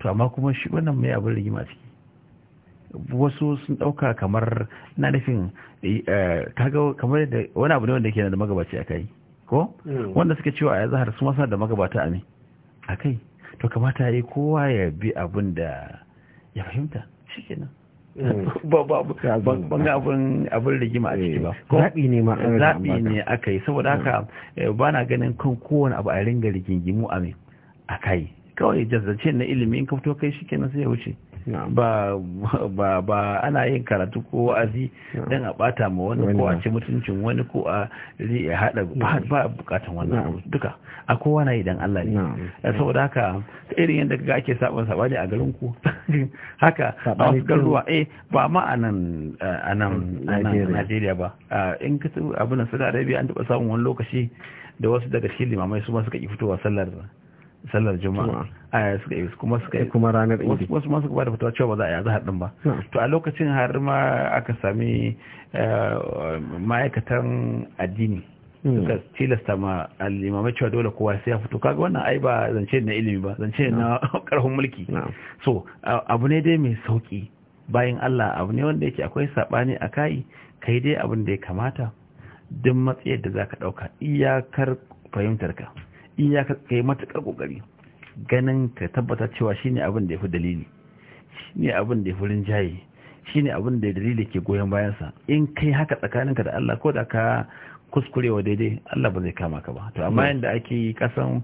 to amma kuma shi wannan mai abin rigima ciki wasu sun dauka kamar na nufin eh, kaga kamar da wani abu ne wanda yake da magabaci a kai ko mm. wanda suka cewa a zahar su masa da magabata a ne a kai to kamata ya yi kowa ya bi abin da ya fahimta kenan ban ga abin abin rigima a ciki eh, ba zaɓi ne ma zaɓi ne aka yi saboda haka eh, ba na ganin kan kowane abu a ringa rigingimu a mai a kai kawai jazzace na ilimi in ka fito kai shi kenan sai ya wuce ba ana yin karatu ko wa'azi dan a bata ma wani ko a ci mutuncin wani ko a hada ba bukatan wannan duka a kowa na idan Allah ne eh, saboda haka irin yadda ga ake saban sabani a garin ku haka a wasu garuwa eh ba ma a nan a nan Najeriya ba in ka abin Saudi Arabia an taba samun wani lokaci da wasu daga cikin limamai su ma suka yi fitowa sallar sallar juma'a a suka yi kuma suka yi kuma ranar idi wasu ma suka da fatawa cewa ba za a yi azhar ba to a lokacin har ma aka sami eh, ma'aikatan addini hmm. suka tilasta ma al'imamai cewa dole kowa sai ya fito kaga wannan ai ba zance na ilimi ba zance na karfin mulki so abu ne dai mai sauki bayan Allah abu ne wanda yake akwai saɓani a kai kai dai abin da ya kamata duk matsayar da za ka ɗauka iyakar fahimtar ka in ya ka yi matuƙar kokari ganin ka tabbata cewa shine abin da ya fi dalili shine abin da ya fi rinjaye shine abin da dalili ke goyon bayansa in kai haka tsakanin ka da Allah ko da ka kuskurewa daidai Allah ba zai kama ka ba to amma hmm. yanda ake yi kasan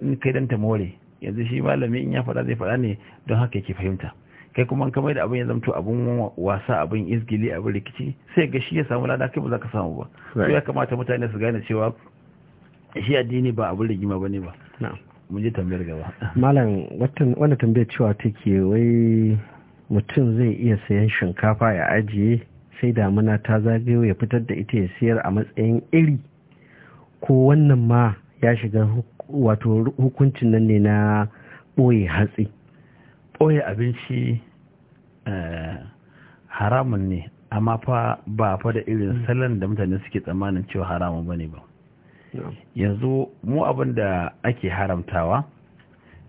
in kai danta more yanzu shi malami in ya faɗa zai faɗa ne don haka yake fahimta kai kuma ka mai da abin ya zamto abin wasa abin izgili abin rikici sai ga shi ya samu lada kai ba za ka samu ba to ya kamata mutane su gane cewa shi addini ba abin rigima ba ne ba mun ji tambayar gaba malam wanda tambayar cewa take wai mutum zai iya sayan shinkafa ya ajiye sai damuna ta zagayo ya fitar da ita ya siyar a matsayin iri ko wannan ma ya shiga wato hukuncin nan ne na ɓoye hatsi ɓoye abinci eh, haramun ne amma fa ba fa da irin hmm. salon da mutane suke tsammanin cewa haramun ba ne ba yanzu mu abin da ake haramtawa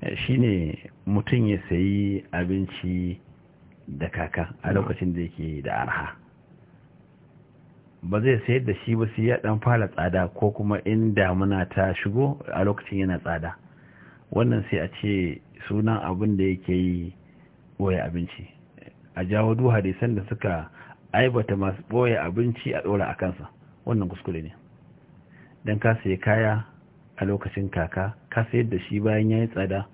eh, shine mutum ya sayi abinci da kaka a lokacin da yake da arha ba zai sayar da shi ba sai ya dan fara tsada ko kuma in damuna ta shigo a lokacin yana tsada wannan sai a ce sunan abin da yake yi ɓoye abinci a jawo du hadisan da suka aibata masu ɓoye abinci a ɗora a kansa wannan kuskure ne don ka sayi kaya a lokacin kaka ka sayar da shi bayan ya yi tsada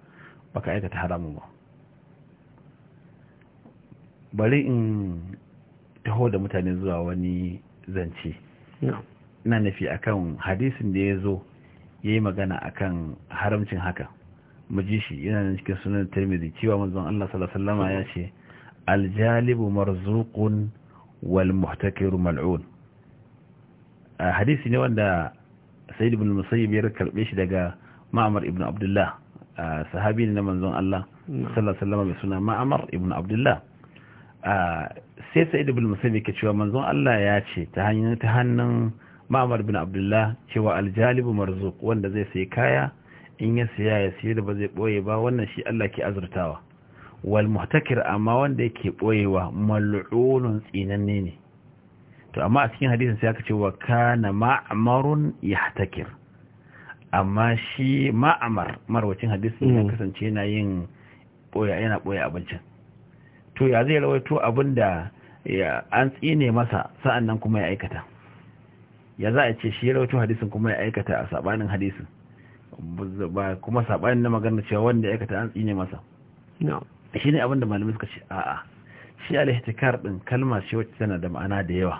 baka aikata haramun ba bari in taho da mutane zuwa wani zance ina nufi akan hadisin da ya zo ya yi magana akan haramcin haka mu ji shi yana da cikin sunan tirmidhi cewa manzon Allah sallallahu alaihi ya ce aljalibu marzuqun wal muhtakir mal'un hadisi ne wanda sai ibn musayyib ya karbe shi daga ma'amar ibn abdullah sahabi ne na manzon Allah sallallahu alaihi wasallam mai suna ma'amar ibn abdullah sai sa'id ibn musayyib ke cewa manzon Allah ya ce ta hanyar ta hannun ma'amar ibn abdullah cewa aljalibu marzuq wanda zai sai kaya in ya siya ya siya da ba zai boye ba wannan shi Allah ke azurtawa wal muhtakir amma wanda yake boyewa mal'unun tsinanne ne to amma a cikin hadisin sai aka ce wa kana ma'amarun yahtakir amma shi ma'amar marwacin hadisin ya mm. kasance yana yin boya yana boya abincin to ya zai rawaito abinda an tsine masa sa'an nan kuma ya aikata ya za a ce shi ya rawaito hadisin kuma ya aikata a sabanin hadisin ba kuma sabanin na magana cewa wanda ya aikata an tsine masa shi ne abinda malamai suka ce a'a shi alhitikar din kalma shi wacce tana da ma'ana da yawa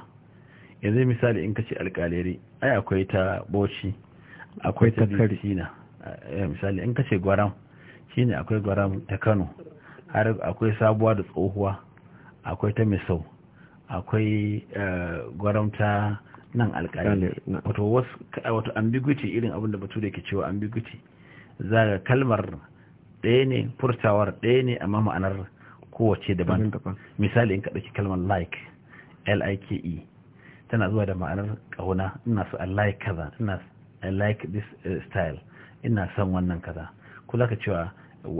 yanzu misali in ka ce alƙaleri ai akwai ta boci akwai ta karsina eh, misali in ka ce gwaram shine akwai gwaram ta kano har akwai sabuwa da tsohuwa akwai ta misau akwai eh, gwaram ta nan alƙaleri wato wato ambiguity irin abin da da ke cewa ambiguity za kalmar ɗaya ne furtawar ɗaya ne amma ma'anar kowace daban misali in ka ɗauki kalmar like l-i-k-e tana zuwa da ma'anar ƙauna ina so I like kaza ina I like this eh, style ina son wannan kaza kula ka cewa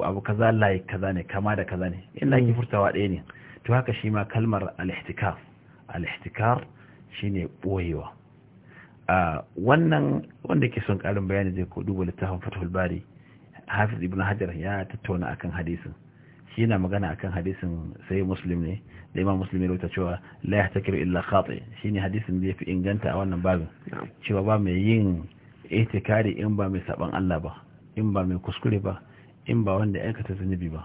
abu kaza like kaza ne kama da kaza ne in like mm. furtawa ɗaya ne to haka shi ma kalmar al-ihtikar al-ihtikar shine boyewa wannan wanda ke son ƙarin bayani zai ko duba littafin Fathul Bari Hafiz ibnu Hajar ya tattauna akan hadisin shi yana magana akan hadisin sai muslim ne da imam muslim ya rubuta cewa la yahtakiru illa khati shine hadisin da yafi inganta a wannan babin cewa ba mai yin itikari in ba mai saban Allah ba in ba mai kuskure ba in ba wanda aikata zunubi ba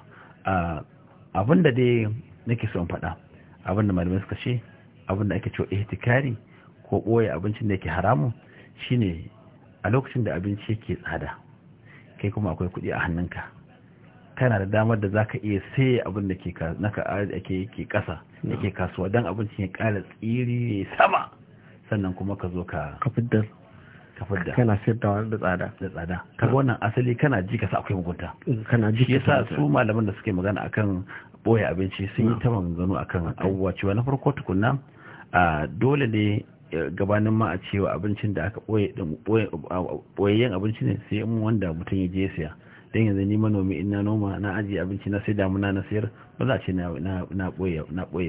abin da dai nake son faɗa abin da malamai suka ce abin da ake cewa itikari ko boye abincin da yake haramu shine a lokacin da abinci yake tsada kai kuma akwai kuɗi a hannunka kana da damar da zaka iya sai abin da ke ke kasa yake kasuwa don abinci ya kara tsiri ne sama sannan kuma ka zo ka kafidda kafidda kana sayar da wani da tsada da tsada ka wannan asali kana ji ka sa akwai mugunta mm, kana ji sa su malaman da suke magana akan boye abinci sun yi mm. ta maganganu akan abubuwa cewa na farko tukunna dole ne e, gabanin ma a cewa abincin da aka boye yin abinci ne sai in wanda mutum ya je siya don yanzu ni manomi ina noma na ajiye abinci na sai damuna na sayar ba za a ce na ɓoye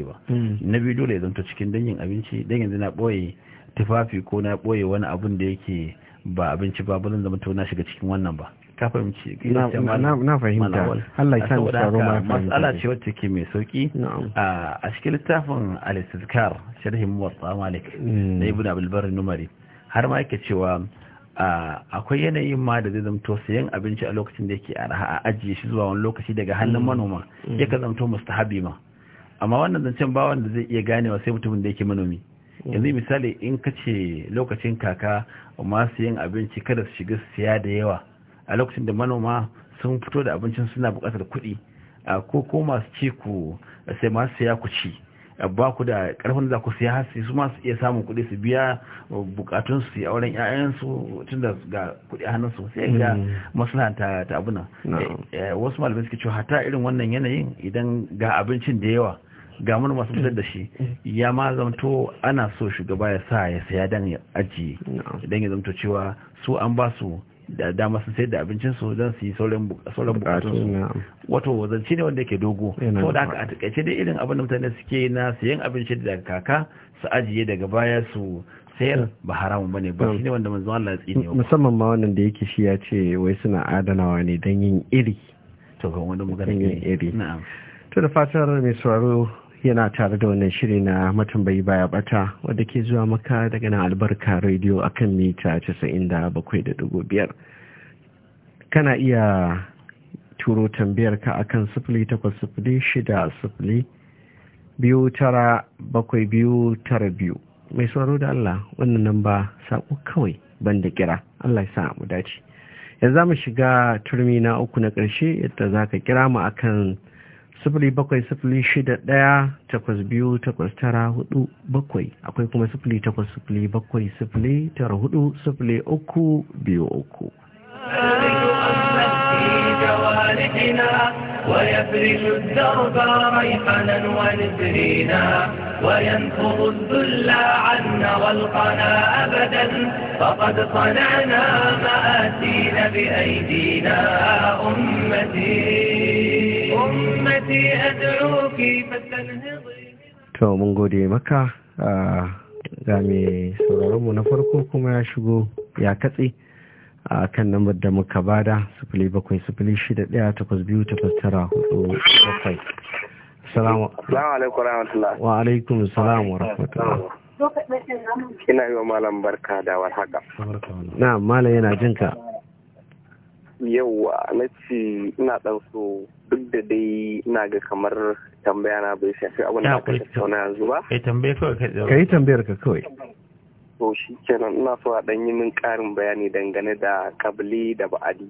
ba hmm. na biyu dole ya zanto cikin danyen abinci don yanzu na ɓoye tufafi ko na ɓoye wani abin da yake ba abinci ba ba zan zama to na shiga cikin wannan ba ka fahimci na fahimta Allah ya sani tsaro ma mas'ala ce wacce ke mai sauki a cikin littafin al-istizkar sharhi muwatta malik hmm. Na ibn abdul barri numari har ma yake cewa akwai yanayin ma da zai zamto sayan abinci a lokacin da yake araha a ajiye shi zuwa wani lokaci daga hannun mm. manoma mm. ya ka zamto mustahabi ma amma wannan zancen ba wanda zai iya ganewa sai mutumin da yake manomi mm. yanzu misali in ka ce lokacin kaka masu yin abinci kada su shiga siya da yawa a lokacin da manoma sun fito da abincin suna bukatar kuɗi ko ko masu ci ku sai masu siya ku ci ba ku da karfin da ku siya su su masu iya samun kuɗi su biya bukatun su yi auren 'ya'yansu tun da ga kuɗi hannun su sai ga hmm. maslahanta ta abuna eh, eh, wasu malamai suke cewa hata irin wannan yanayin idan ga abincin da yawa ga mun masu fitar da shi hmm. ya ma zamto ana so shugaba ya sa ya saya dan ya ajiye idan ya zamto cewa su an ba su da dama su sayar da su don su yi sauran su wato zance ne wanda yake dogo to da aka atakaice dai irin abin da mutane suke na sayan abinci daga kaka su ajiye daga baya su sayar hmm. ba haramun bane ba hmm. shine wanda manzo Allah ya tsine musamman ma wannan da yake shi ya ce wai suna adanawa ne don yin iri to ga wani magana iri na'am to da fatar mai sauraro yana tare da wannan shiri na matambayi baya bata wadda ke zuwa maka daga nan albarka rediyo akan mita 97.5 kana iya turo tambayar ka akan sifili? biyu tara bakwai biyu tara biyu mai sauraro da Allah wannan nan ba saƙo kawai banda kira Allah ya sa mu dace yanzu mu shiga turmi na uku na ƙarshe yadda za ka kira mu akan sifili bakwai sifili shida ɗaya takwas biyu takwas tara hudu bakwai akwai kuma sifili takwas sifili bakwai sifili tara hudu sifili uku biyu uku ويفرج الدرب ريحنا ونسرينا وينفض الذل عنا والقنا أبدا فقد صنعنا مآتينا بأيدينا أمتي أمتي to mun gode maka ga mai sauraronmu na farko kuma ya shigo ya katse a kan lambar da muka bada sufili bakwai sufili shida daya takwas biyu takwas tara hudu bakwai salamu alaikum Salamu wa alaikum salam wa ina yi wa malam barka da warhaka na malam yana jinka yauwa na ce ina dan so duk da dai ina ga kamar tambaya na bai shafi abin da aka tattauna yanzu ba kai tambaye kawai ka yi tambayar ka kawai to shi kenan ina so a dan yi min karin bayani dangane da kabli da ba'adi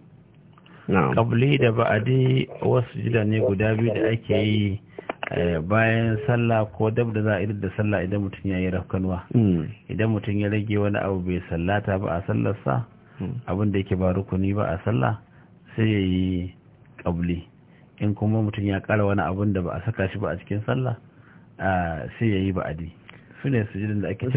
kabli da ba'adi wasu jida ne guda biyu da ake yi eh, bayan sallah ko dab da za a idar da sallah idan mutum ya yi rafkanuwa hmm. idan mutum ya rage wani abu bai sallata ba a sallarsa abin da yake ba rukuni ba a sallah sai ya yi ƙabli in kuma mutum ya ƙara wani abin da ba a saka shi ba a cikin sallah sai ya yi ba'adi su ne su da ake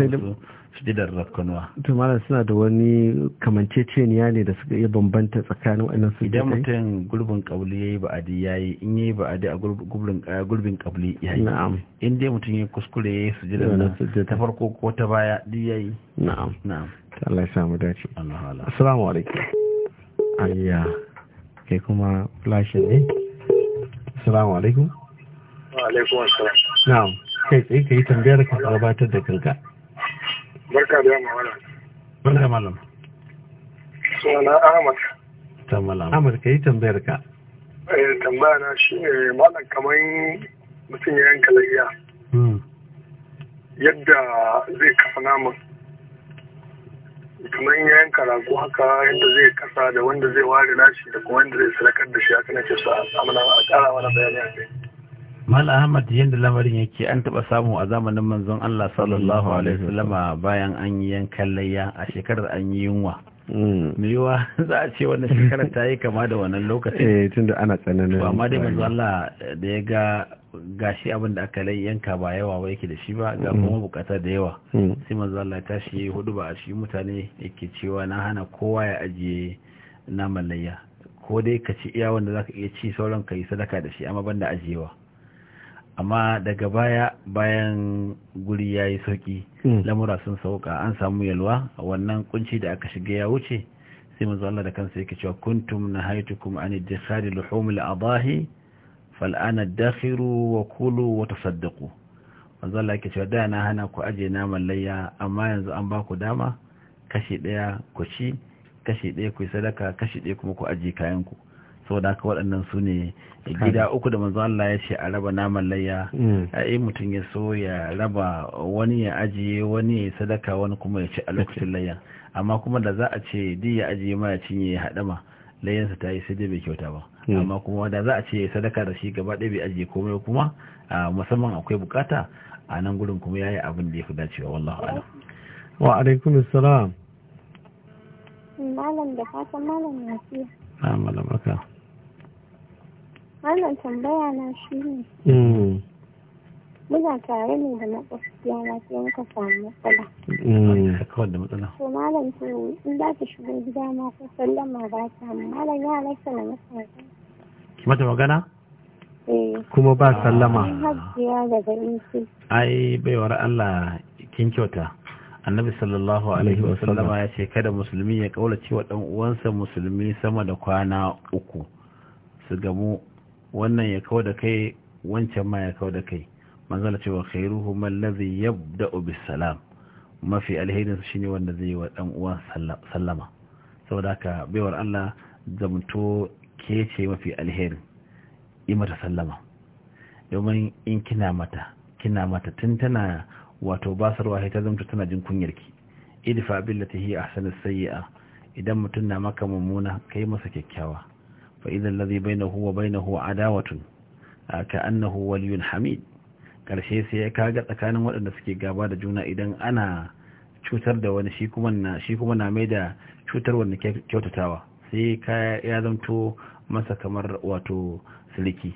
su da rakkanuwa to malam suna da wani kamanceceniya ne da suka iya bambanta tsakanin wannan su idan mutum gurbin ƙabli ya yi ba'adi ya yi in ya yi ba'adi a gurbin ƙabli ya yi na'am in dai mutum ya kuskure ya yi sujudar ta farko ko ta baya duk ya yi na'am na'am Allah ya samu dace assalamu alaikum ayya kai kuma flashin ne assalamu alaikum alaikum assalam na'am kai tsaye ka yi tambayar ka gabatar da kanka barka da yamma malam barka malam Suna Ahmad ta malam Ahmad ka yi tambayar ka eh tambaya na shi ne malam kaman mutum ya yanka lafiya hmm. yadda zai kafa namun kamar yanka rago haka yadda zai kasa da wanda zai ware nashi da kuma wanda zai sadakar da shi haka nake so a kara mana bayani a kai Ahmad yadda lamarin yake an taɓa samu a zamanin manzon Allah sallallahu Alaihi wasallama bayan an yi yankan layya a shekarar an yi yunwa. Miwa mm. za a ce wannan shekarar ta yi kama da wannan lokacin. Eh tunda ana tsananin. Ba ma dai manzon Allah da ya ga gashi abin da aka lai yanka ba yawa ba yake da shi ba ga mm. kuma bukatar da yawa mm. sai manzo Allah shi hudu ba a shi mutane yake cewa na hana kowa ya ajiye na layya ko dai ka ci iya wanda zaka iya ci sauran ka yi sadaka da shi amma banda ajiyewa amma daga baya bayan guri ya yi sauki mm. lamura sun sauka an samu yalwa wannan kunci da aka shiga ya wuce sai manzo Allah da kansa yake cewa kuntum nahaytukum an idkhali luhumil adahi fal'ana dakhiru wa kulu wa tasaddaqu manzo Allah yake cewa da na hana ku aje naman layya amma yanzu an ba ku dama kashi daya ku ci kashi daya ku yi sadaka kashi daya kuma ku aje kayan ku saboda haka waɗannan su ne gida uku da manzo Allah ya ce a raba naman layya mm. a yi mutum ya so ya raba wani ya ajiye wani ya sadaka wani kuma ya ci a lokacin layya amma kuma da za a ce di ya ajiye ma ya cinye ya haɗama layyansa ta yi sai dai bai kyauta ba Hmm. amma kuma da za a ce sadaka da shi gaba ɗaya bai ajiye komai kuma musamman akwai bukata a nan gudun kuma yi abin da ya fi dacewa wallahu ala wa alaikun assalam malam da fatan malam nasiha na malam aka malam tambaya na shi ne hmm. muna tare ne da makwasciya na sai muka samu hmm. matsala. To malam to in za ta shigo gida ma ko sallama ba ta malam ya rasa na masarauta. mata magana eh. kuma ba sallama ai baiwar Allah kin kyauta annabi sallallahu alaihi wasallama ya ce kada musulmi ya kaulace wa ɗan uwansa musulmi sama da kwana uku su gamu wannan ya kawo da kai wancan ma ya kawo da kai manzala cewa khairuhu man ladhi da obi salam mafi shi shine wanda zai yi wa ɗan uwan sallama saboda haka baiwar Allah zamanto ke ce mafi alheri yi mata sallama domin in kina mata kina mata tun tana wato basarwa ta zamta tana jin kunyarki idfa billati hi ahsanu sayyi'a idan mutum na maka mummuna kai masa kyakkyawa fa idan ladhi bainahu wa bainahu adawatun ka annahu waliyun hamid karshe sai ya ga tsakanin waɗanda suke gaba da juna idan ana cutar da wani shi kuma na mai da cutar wanda kyautatawa sai ya zamto masa kamar wato siliki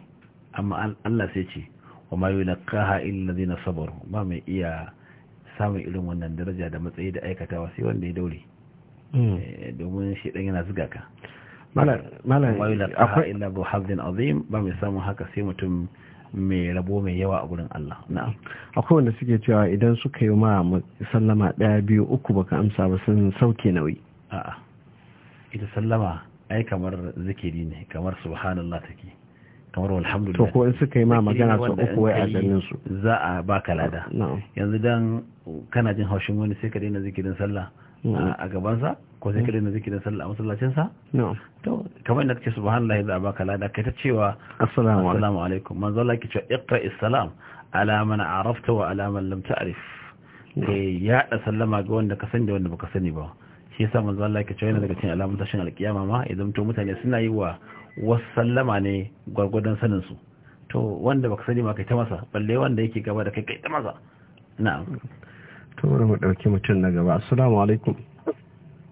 amma Allah sai ce wa ma kaha illa zina sabaru ba mai iya samun irin wannan daraja da matsayi da aikatawa sai wanda ya daure hmm. eh, domin shi dan yana zuga ka malam akwai illa bu azim ba mai samun haka sai mutum mai rabo mai yawa a gurin Allah na'am akwai wanda suke cewa idan suka yi ma sallama ɗaya biyu uku baka amsa ba sun sauke nauyi a'a ita sallama ai kamar zikiri ne kamar subhanallah take kamar alhamdulillah to ko in suka yi ma magana su uku wai a ganin su za a baka lada yanzu dan kana jin haushin wani sai ka daina zikirin sallah a gaban sa ko sai ka daina zikirin sallah a masallacin sa to kamar inda kace subhanallah za a baka lada kai ta cewa assalamu alaikum manzo Allah ke iqra' iqra'is salam ala man arafta wa ala man lam ta'rif ya da sallama ga wanda ka sani da wanda baka sani ba shi yasa manzo Allah yake cewa daga cikin alamun tashin alkiyama ma idan to mutane suna yi wa wasu sallama ne gwargwadon sanin su to wanda baka sani ma kai ta masa balle wanda yake gaba da kai kai ta masa na'am to bari mu dauki mutum na gaba assalamu alaikum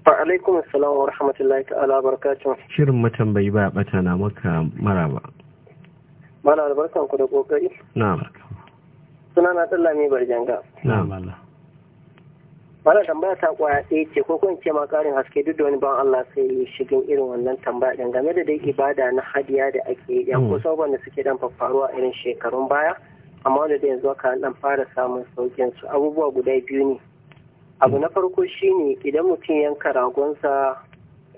wa alaikum assalam wa rahmatullahi ta'ala barakatuh shirin matambayi ba bata na maka maraba mala albarkan ku da kokari na'am sunana Dallami Barjanga na'am Allah wannan tambaya ta kwaya ɗaya ce ko kuma ce ma ƙarin haske duk da wani ban Allah sai yi shigin irin wannan tambaya ɗin game da dai ibada na hadiya da ake yi ko mm. kusa da suke dan faruwa irin shekarun baya amma wanda da yanzu aka dan fara samun saukin su abubuwa guda biyu ne abu mm. na farko shine idan mutum yanka ragonsa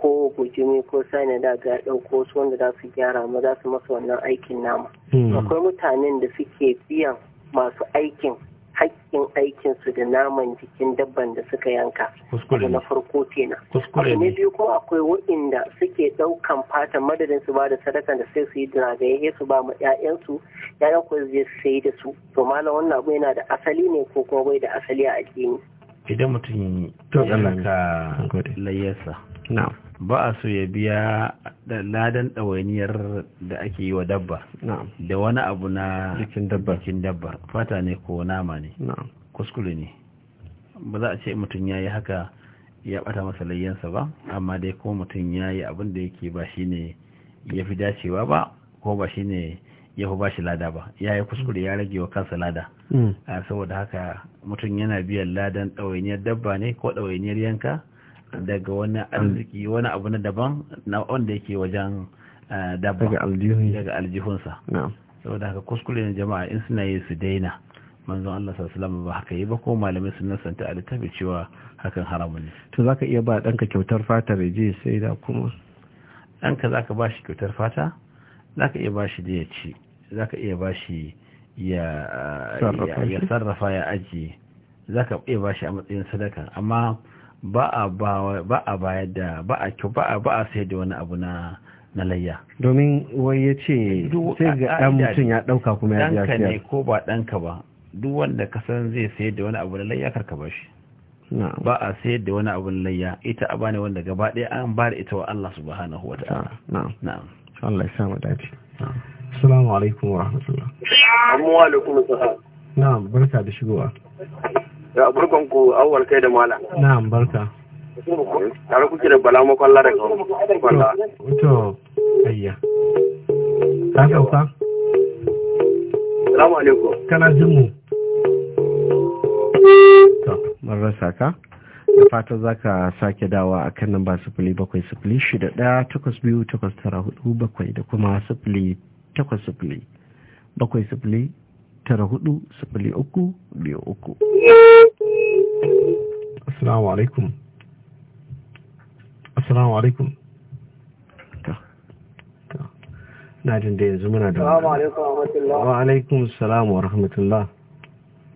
ko bujimi ko sani da ga ɗauko su wanda za su gyara ma za su masa wannan aikin nama mm. akwai mutanen da suke biyan masu aikin hakkin aikin su da naman jikin dabban da suka yanka kuskure na farko kenan kuskure ne biyu kuma akwai wa'inda suke ɗaukan fatan madadin su ba da sadaka da sai su yi dinagaye su ba ma su ƴaƴan ko zai sai da su to malam wannan abu yana da asali ne ko kuma bai da asali a addini idan mutum ya ka layyarsa na'am ba a so ya biya ladan ɗawainiyar da ake yi wa dabba da wani abu na jikin dabbar fata ne ko nama ne kuskure ne ba za a ce mutum ya yi haka ya bata masa layyansa ba amma dai ko mutum ya yi abin da yake ba shi ne ya fi dacewa ba ko ba shi ne ya fi ba shi lada ba ya yi kuskure ya rage wa kansa lada hmm. saboda haka mutum yana biyan ladan ɗawainiyar dabba ne ko ɗawainiyar yanka daga wani arziki wani abu na daban na wanda yake wajen eh, daban daga aljihunsa saboda haka kuskure na jama'a in suna yi su daina manzon Allah sallallahu ba haka yi ba ko malamai san nasanta a littafi cewa hakan haramun ne to zaka iya ba danka kyautar fata da je sai da kuma danka zaka ba shi kyautar fata zaka iya ba shi da ya ci zaka iya ba shi ya sarrafa ya ajiye zaka iya ba shi a matsayin sadaka amma ba a bayar da ba a ba a ba a sai da wani abu na na layya domin wai ya ce sai ga ɗan mutum ya ɗauka kuma ya biya ɗanka ne ko ba ɗanka ba duk wanda ka san zai sayar da wani abu na layya karka ba shi ba a sayar da wani abu na layya ita abani wanda gaba ɗaya an ba da ita wa Allah subhanahu wa ta'ala na'am Allah ya samu dace assalamu alaikum wa rahmatullah wa alaikum na'am barka da shigowa da barkan ku awwal kai da mala na'am barka tare kuke da bala makwalla daga kwalla to ayya ka sauka salamu alaikum kana jin mu to mun rasa ka da fata za ka sake dawa a kan namba ba sifili bakwai sifili shida daya, takwas biyu takwas tara hudu bakwai da kuma sifili takwas sifili bakwai sifili tara hudu sifili uku biyu uku. Assalamu alaikum. Assalamu alaikum. Na jin da yanzu muna da Assalamu alaikum wa rahmatullah. Wa alaikum assalam wa rahmatullah.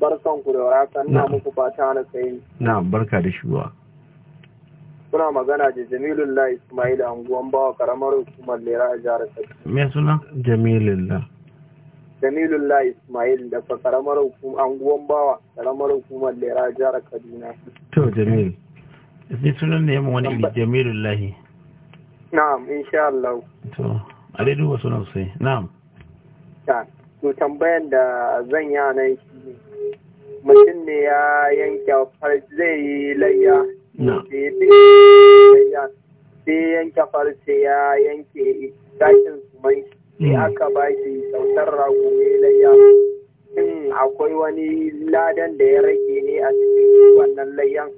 Barkan ku da warhaka ina muku fata na sayi. Na barka da shigowa. Kuna magana da Jamilullah Ismail a unguwan bawa karamar hukumar Lera a jihar Kaduna. Me suna? Jamilullah. jamilullah ismail daga karamar anguwan bawa karamar hukumar lera jihar kaduna to jamil zai sunan ne yamma wani iri, jamilullah na'am insha Allah to a dai duba sunan sai na'am ta to tambayan da zan yi nan shi mutum ne ya yanke farce, zai yi layya sai yanke farce ya yanke gashin suman shi sai hmm. aka ba shi sautar rago ne layya in akwai wani ladan da ya rage ne a cikin wannan layyan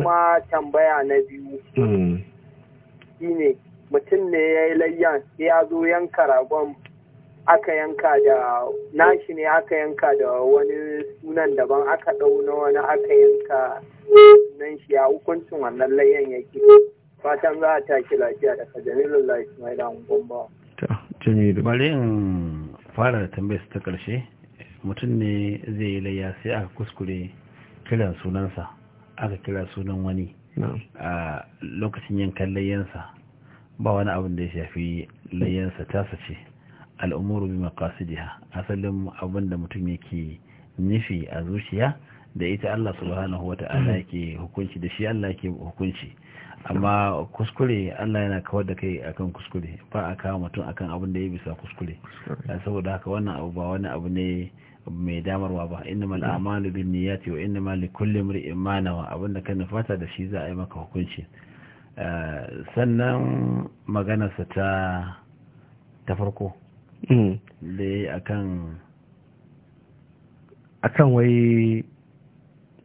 kuma tambaya na biyu hmm. shine mutum ne ya yi layyan ya zo yanka ragon aka yanka da nashi ne aka yanka da wani sunan daban aka ɗauna wani aka yanka nan shi a hukuncin wannan layyan yake fatan za a tashi lafiya daga jamilin lafiya damun gombawa ta jamilu bari in fara tambayar ta karshe mutum ne zai yi layya sai aka kuskure kiran sunansa aka kira sunan wani a lokacin yankan layyansa ba wani abin da ya shafi layyansa tasa ce al'umuru bi maqasidiha asalin abin da mutum yake nufi a zuciya da ita Allah subhanahu ta'ala yake hukunci da shi Allah yake hukunci amma kuskure Allah yana kawar da kai akan kuskure ba a kawo mutum akan abin da ya bisa kuskure saboda haka wannan abu ba wani abu ne mai damarwa ba mal a'malu binniyati wa inda likulli imrin ma nawa abin da ka nufata da shi za a yi maka hukunci eh, sannan maganarsa ta ta farko hmm. da ya yi akan akan wai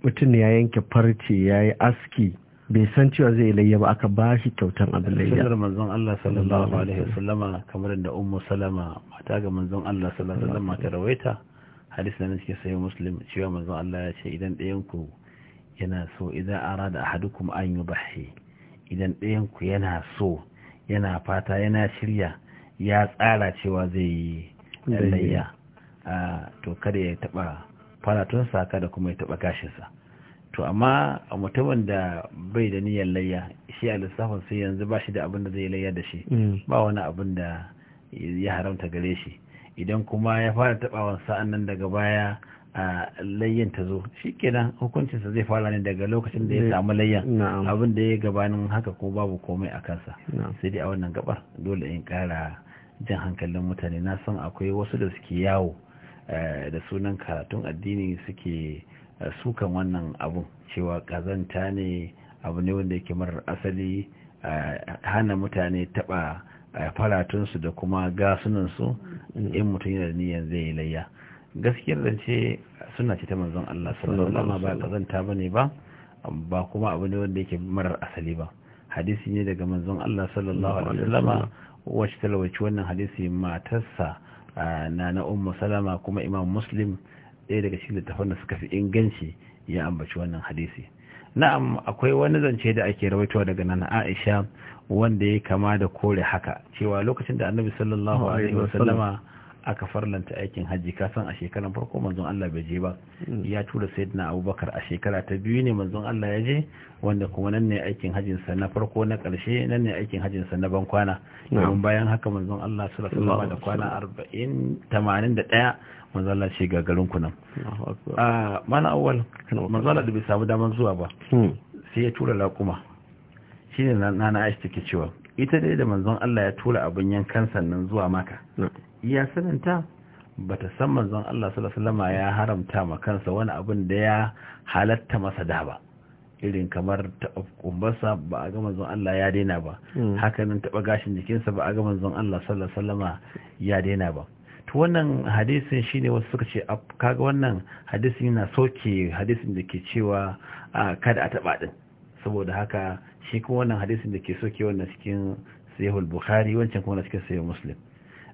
mutum ya yanke farce ya yi aski bai san cewa zai layya ba aka bashi kyautan abin layya sunar manzon Allah sallallahu alaihi wa sallama kamar da ummu salama mata ga manzon Allah sallallahu alaihi wa wasallama ta rawaita hadisi nan cikin sayi muslim cewa manzon Allah ya ce idan ɗayan ku yana so idan arada ahadukum an yubahi idan ɗayan ku yana so yana fata yana shirya ya tsara cewa zai yi layya to kada ya taba faratunsa kada kuma ya taba gashinsa to amma a mutumin da bai da niyyar layya shi a lissafin sai yanzu ba shi da abin da zai layya da shi mm. ba wani abin da ya haramta gare shi idan kuma ya fara tabawan sa'an nan daga baya a layyan ta zo shi kenan hukuncinsa zai fara ne daga lokacin da ya samu layyan abin da ya gabanin haka ko babu komai a kansa sai dai a wannan gabar dole in kara jan hankalin mutane na san akwai wasu da suke yawo eh, da sunan karatun addini suke sukan wannan abu cewa kazanta ne abu ne wanda yake marar asali hana mutane taba faratunsu da kuma gasunansu in mutum yana da niyan zai yi layya gaskiyar da ce suna ce ta manzon Allah sallallahu ba kazanta ba ne ba ba kuma abu ne wanda yake marar asali ba hadisi ne daga manzon Allah sallallahu alaihi wasallama wacce talawaci wannan hadisi matarsa na na ummu salama kuma imam muslim ɗaya daga cikin littafan da suka fi inganci ya ambaci wannan hadisi na'am akwai wani zance da ake rawaitowa daga nan Aisha wanda ya kama da kore haka cewa lokacin da Annabi sallallahu alaihi wasallama aka farlanta aikin ka kasan a shekaran farko manzon Allah bai je ba mm. ya tura sayyidina Abubakar a shekara ta biyu ne manzon Allah ya je wanda kuma nan ne aikin hajin sa na farko na karshe nan ne aikin hajin sa na ban kwana bayan haka manzon Allah sallallahu alaihi wasallama da kwana 40 81 mazala ce ga garin kunan a mana awal mazala da bai samu damar zuwa ba hmm. sai ya tura laƙuma shi ne na na aishi take cewa ita dai da manzon Allah ya tura abin yankan sannan zuwa maka iya sananta ba ta san manzon Allah sallallahu ya haramta ma kansa wani abin da ya halatta masa da ba irin kamar taɓa kumbarsa ba a ga manzon Allah ya daina ba haka hmm. hakanan taɓa gashin jikinsa ba a ga manzon Allah sallallahu ya daina ba wannan hadisin shine wasu suka ce kaga wannan hadisin yana soke hadisin da ke cewa kada a taba din saboda haka shi kuma wannan hadisin da ke soke wannan cikin sahihul bukhari wancan kuma cikin sahih muslim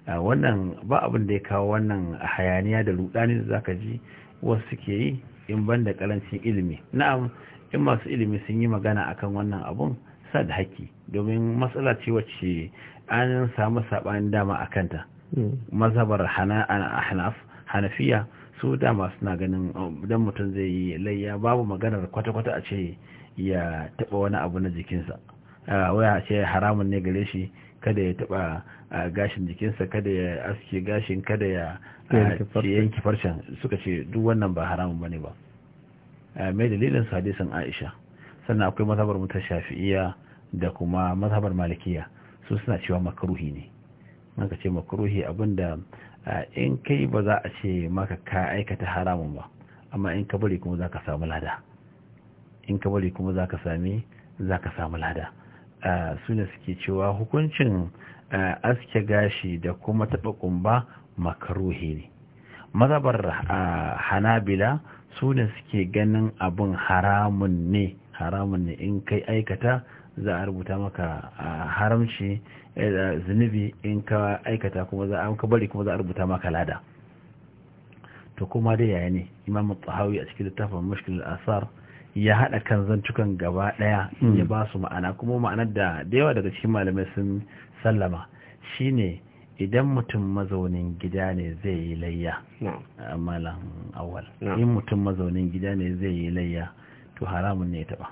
wannan ba abin da ya kawo wannan a hayaniya da rudani da zaka ji wasu suke yi in ban da karancin ilimi na'am in masu ilimi sun yi magana akan wannan abun sa da hakki domin matsala ce wacce an samu saɓanin dama a kanta mazhabar hanafiya su dama suna ganin um, dan mutum zai yi layya babu maganar kwata-kwata a ce ya taba wani abu na jikinsa waya ce haramun ne gare shi kada ya taba gashin jikinsa kada ya aske gashin kada ya yanki farcen suka ce duk wannan ba haramun bane ba mai dalilin su hadisin Aisha sannan akwai mazhabar shafi'iya da kuma mazhabar malikiya su suna cewa makaruhi ne naka ce makruhi abinda in kai ba za a ce maka ka aikata haramun ba amma in ka bari kuma za ka samu lada in ka bari kuma za ka sami za ka samu lada su ne suke cewa hukuncin aske gashi da kuma taɓa ƙumba makaruhi ne mazabar hanabila su ne suke ganin abin haramun ne haramun ne in kai aikata za a rubuta maka haramci eh, zunubi in ka aikata kuma za a bari kuma za a rubuta maka lada to kuma dai yaya ne imam tsahawi a cikin littafin mashkil asar ya haɗa kan zantukan gaba ɗaya ya hmm. ba su ma'ana kuma ma'anar da da daga cikin malamai sun sallama shine idan mutum mazaunin gida ne zai yi layya malam awal in mutum mazaunin gida ne zai yi layya to haramun ne ya taɓa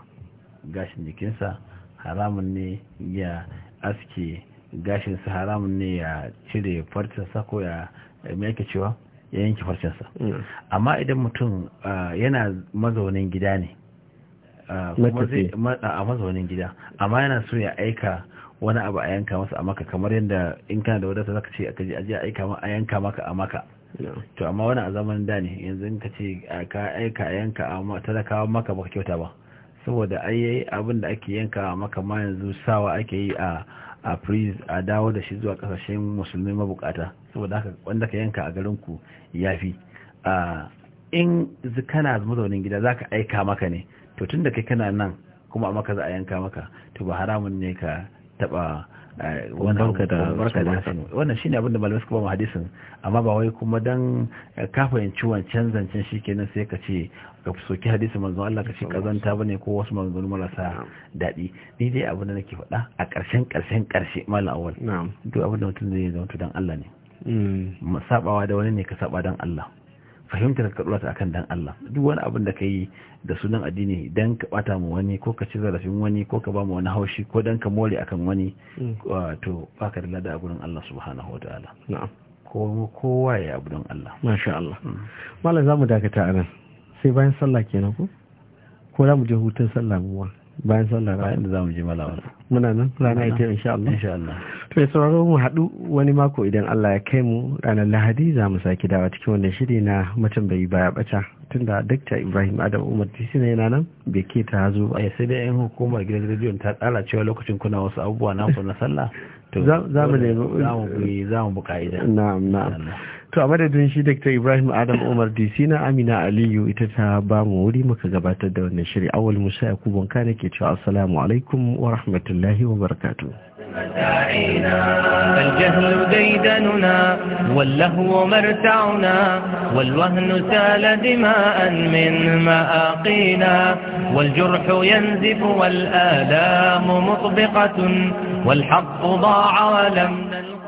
gashin jikinsa haramun ne ya aske gashinsa haramun ne ya cire farcinsa ko ya yake cewa ya yanke farcinsa hmm. amma idan mutum yana mazaunin gida ne a mazaunin gida amma yana so ya aika wani abu a yanka masa a maka kamar yadda in kana da wadata zaka ce ka je aje aika a yanka maka a maka to amma wani a zamanin da ne yanzu in ka ce ka aika a yanka a talakawa maka baka kyauta ba saboda ai yayi abin da ake yanka maka ma yanzu sawa ake yi a a freeze a dawo da shi zuwa kasashen musulmi mabukata saboda haka wanda ka yanka a garin ku yafi a in kana mazaunin gida za ka aika maka ne to tunda kai kana nan kuma a maka za a yanka maka to ba haramun ne ka taba wannan ne abin da malamai suka ba hadisin amma ba wai kuma dan eh, ka fahimci wancan zancen shi kenan sai ka ce ka soki hadisin manzon Allah ka ce kazanta bane ko wasu manzon marasa daɗi ni dai abin da nake faɗa a ƙarshen ƙarshen ƙarshe malam awal duk abin da mutum zai zama dan Allah ne mm. sabawa da wani ne ka saba dan Allah fahimtar ka dora ta akan dan Allah duk wani abin da kai da sunan addini dan ka bata mu wani ko ka ci zarafin wani ko ka ba mu wani haushi ko dan ka more akan wani hmm. to baka da lada a gurin Allah subhanahu wataala na'am ko kowa ya abu don Allah masha Allah hmm. mallam zamu dakata anan sai bayan sallah kenan ko ko za mu je hutun sallah bayan sallah bayan da zamu je malawar muna nan rana ita insha Allah insha Allah to sauraro mu haɗu wani mako idan Allah ya kai mu ranar Lahadi za mu saki dawa cikin wannan shiri na bai baya bata tunda Dr. Ibrahim Adam Umar Tisi ne yana nan bai ke ta hazo ba sai dai yan hukumar gidan rediyon ta tsara cewa lokacin kuna wasu abubuwa na na sallah to za mu nemi za mu bi za na'am na'am to a madadin shi dr ibrahim adam umar dc na amina aliyu ita ta ba mu wuri muka gabatar da wannan shiri awal musa yakubun kana ke cewa assalamu alaikum wa rahmatullahi wa barakatuh الجهل ديدننا واللهو مرتعنا والوهن سال دماء من مآقينا والجرح ينزف والآلام مطبقة والحق ضاع ولم نلقى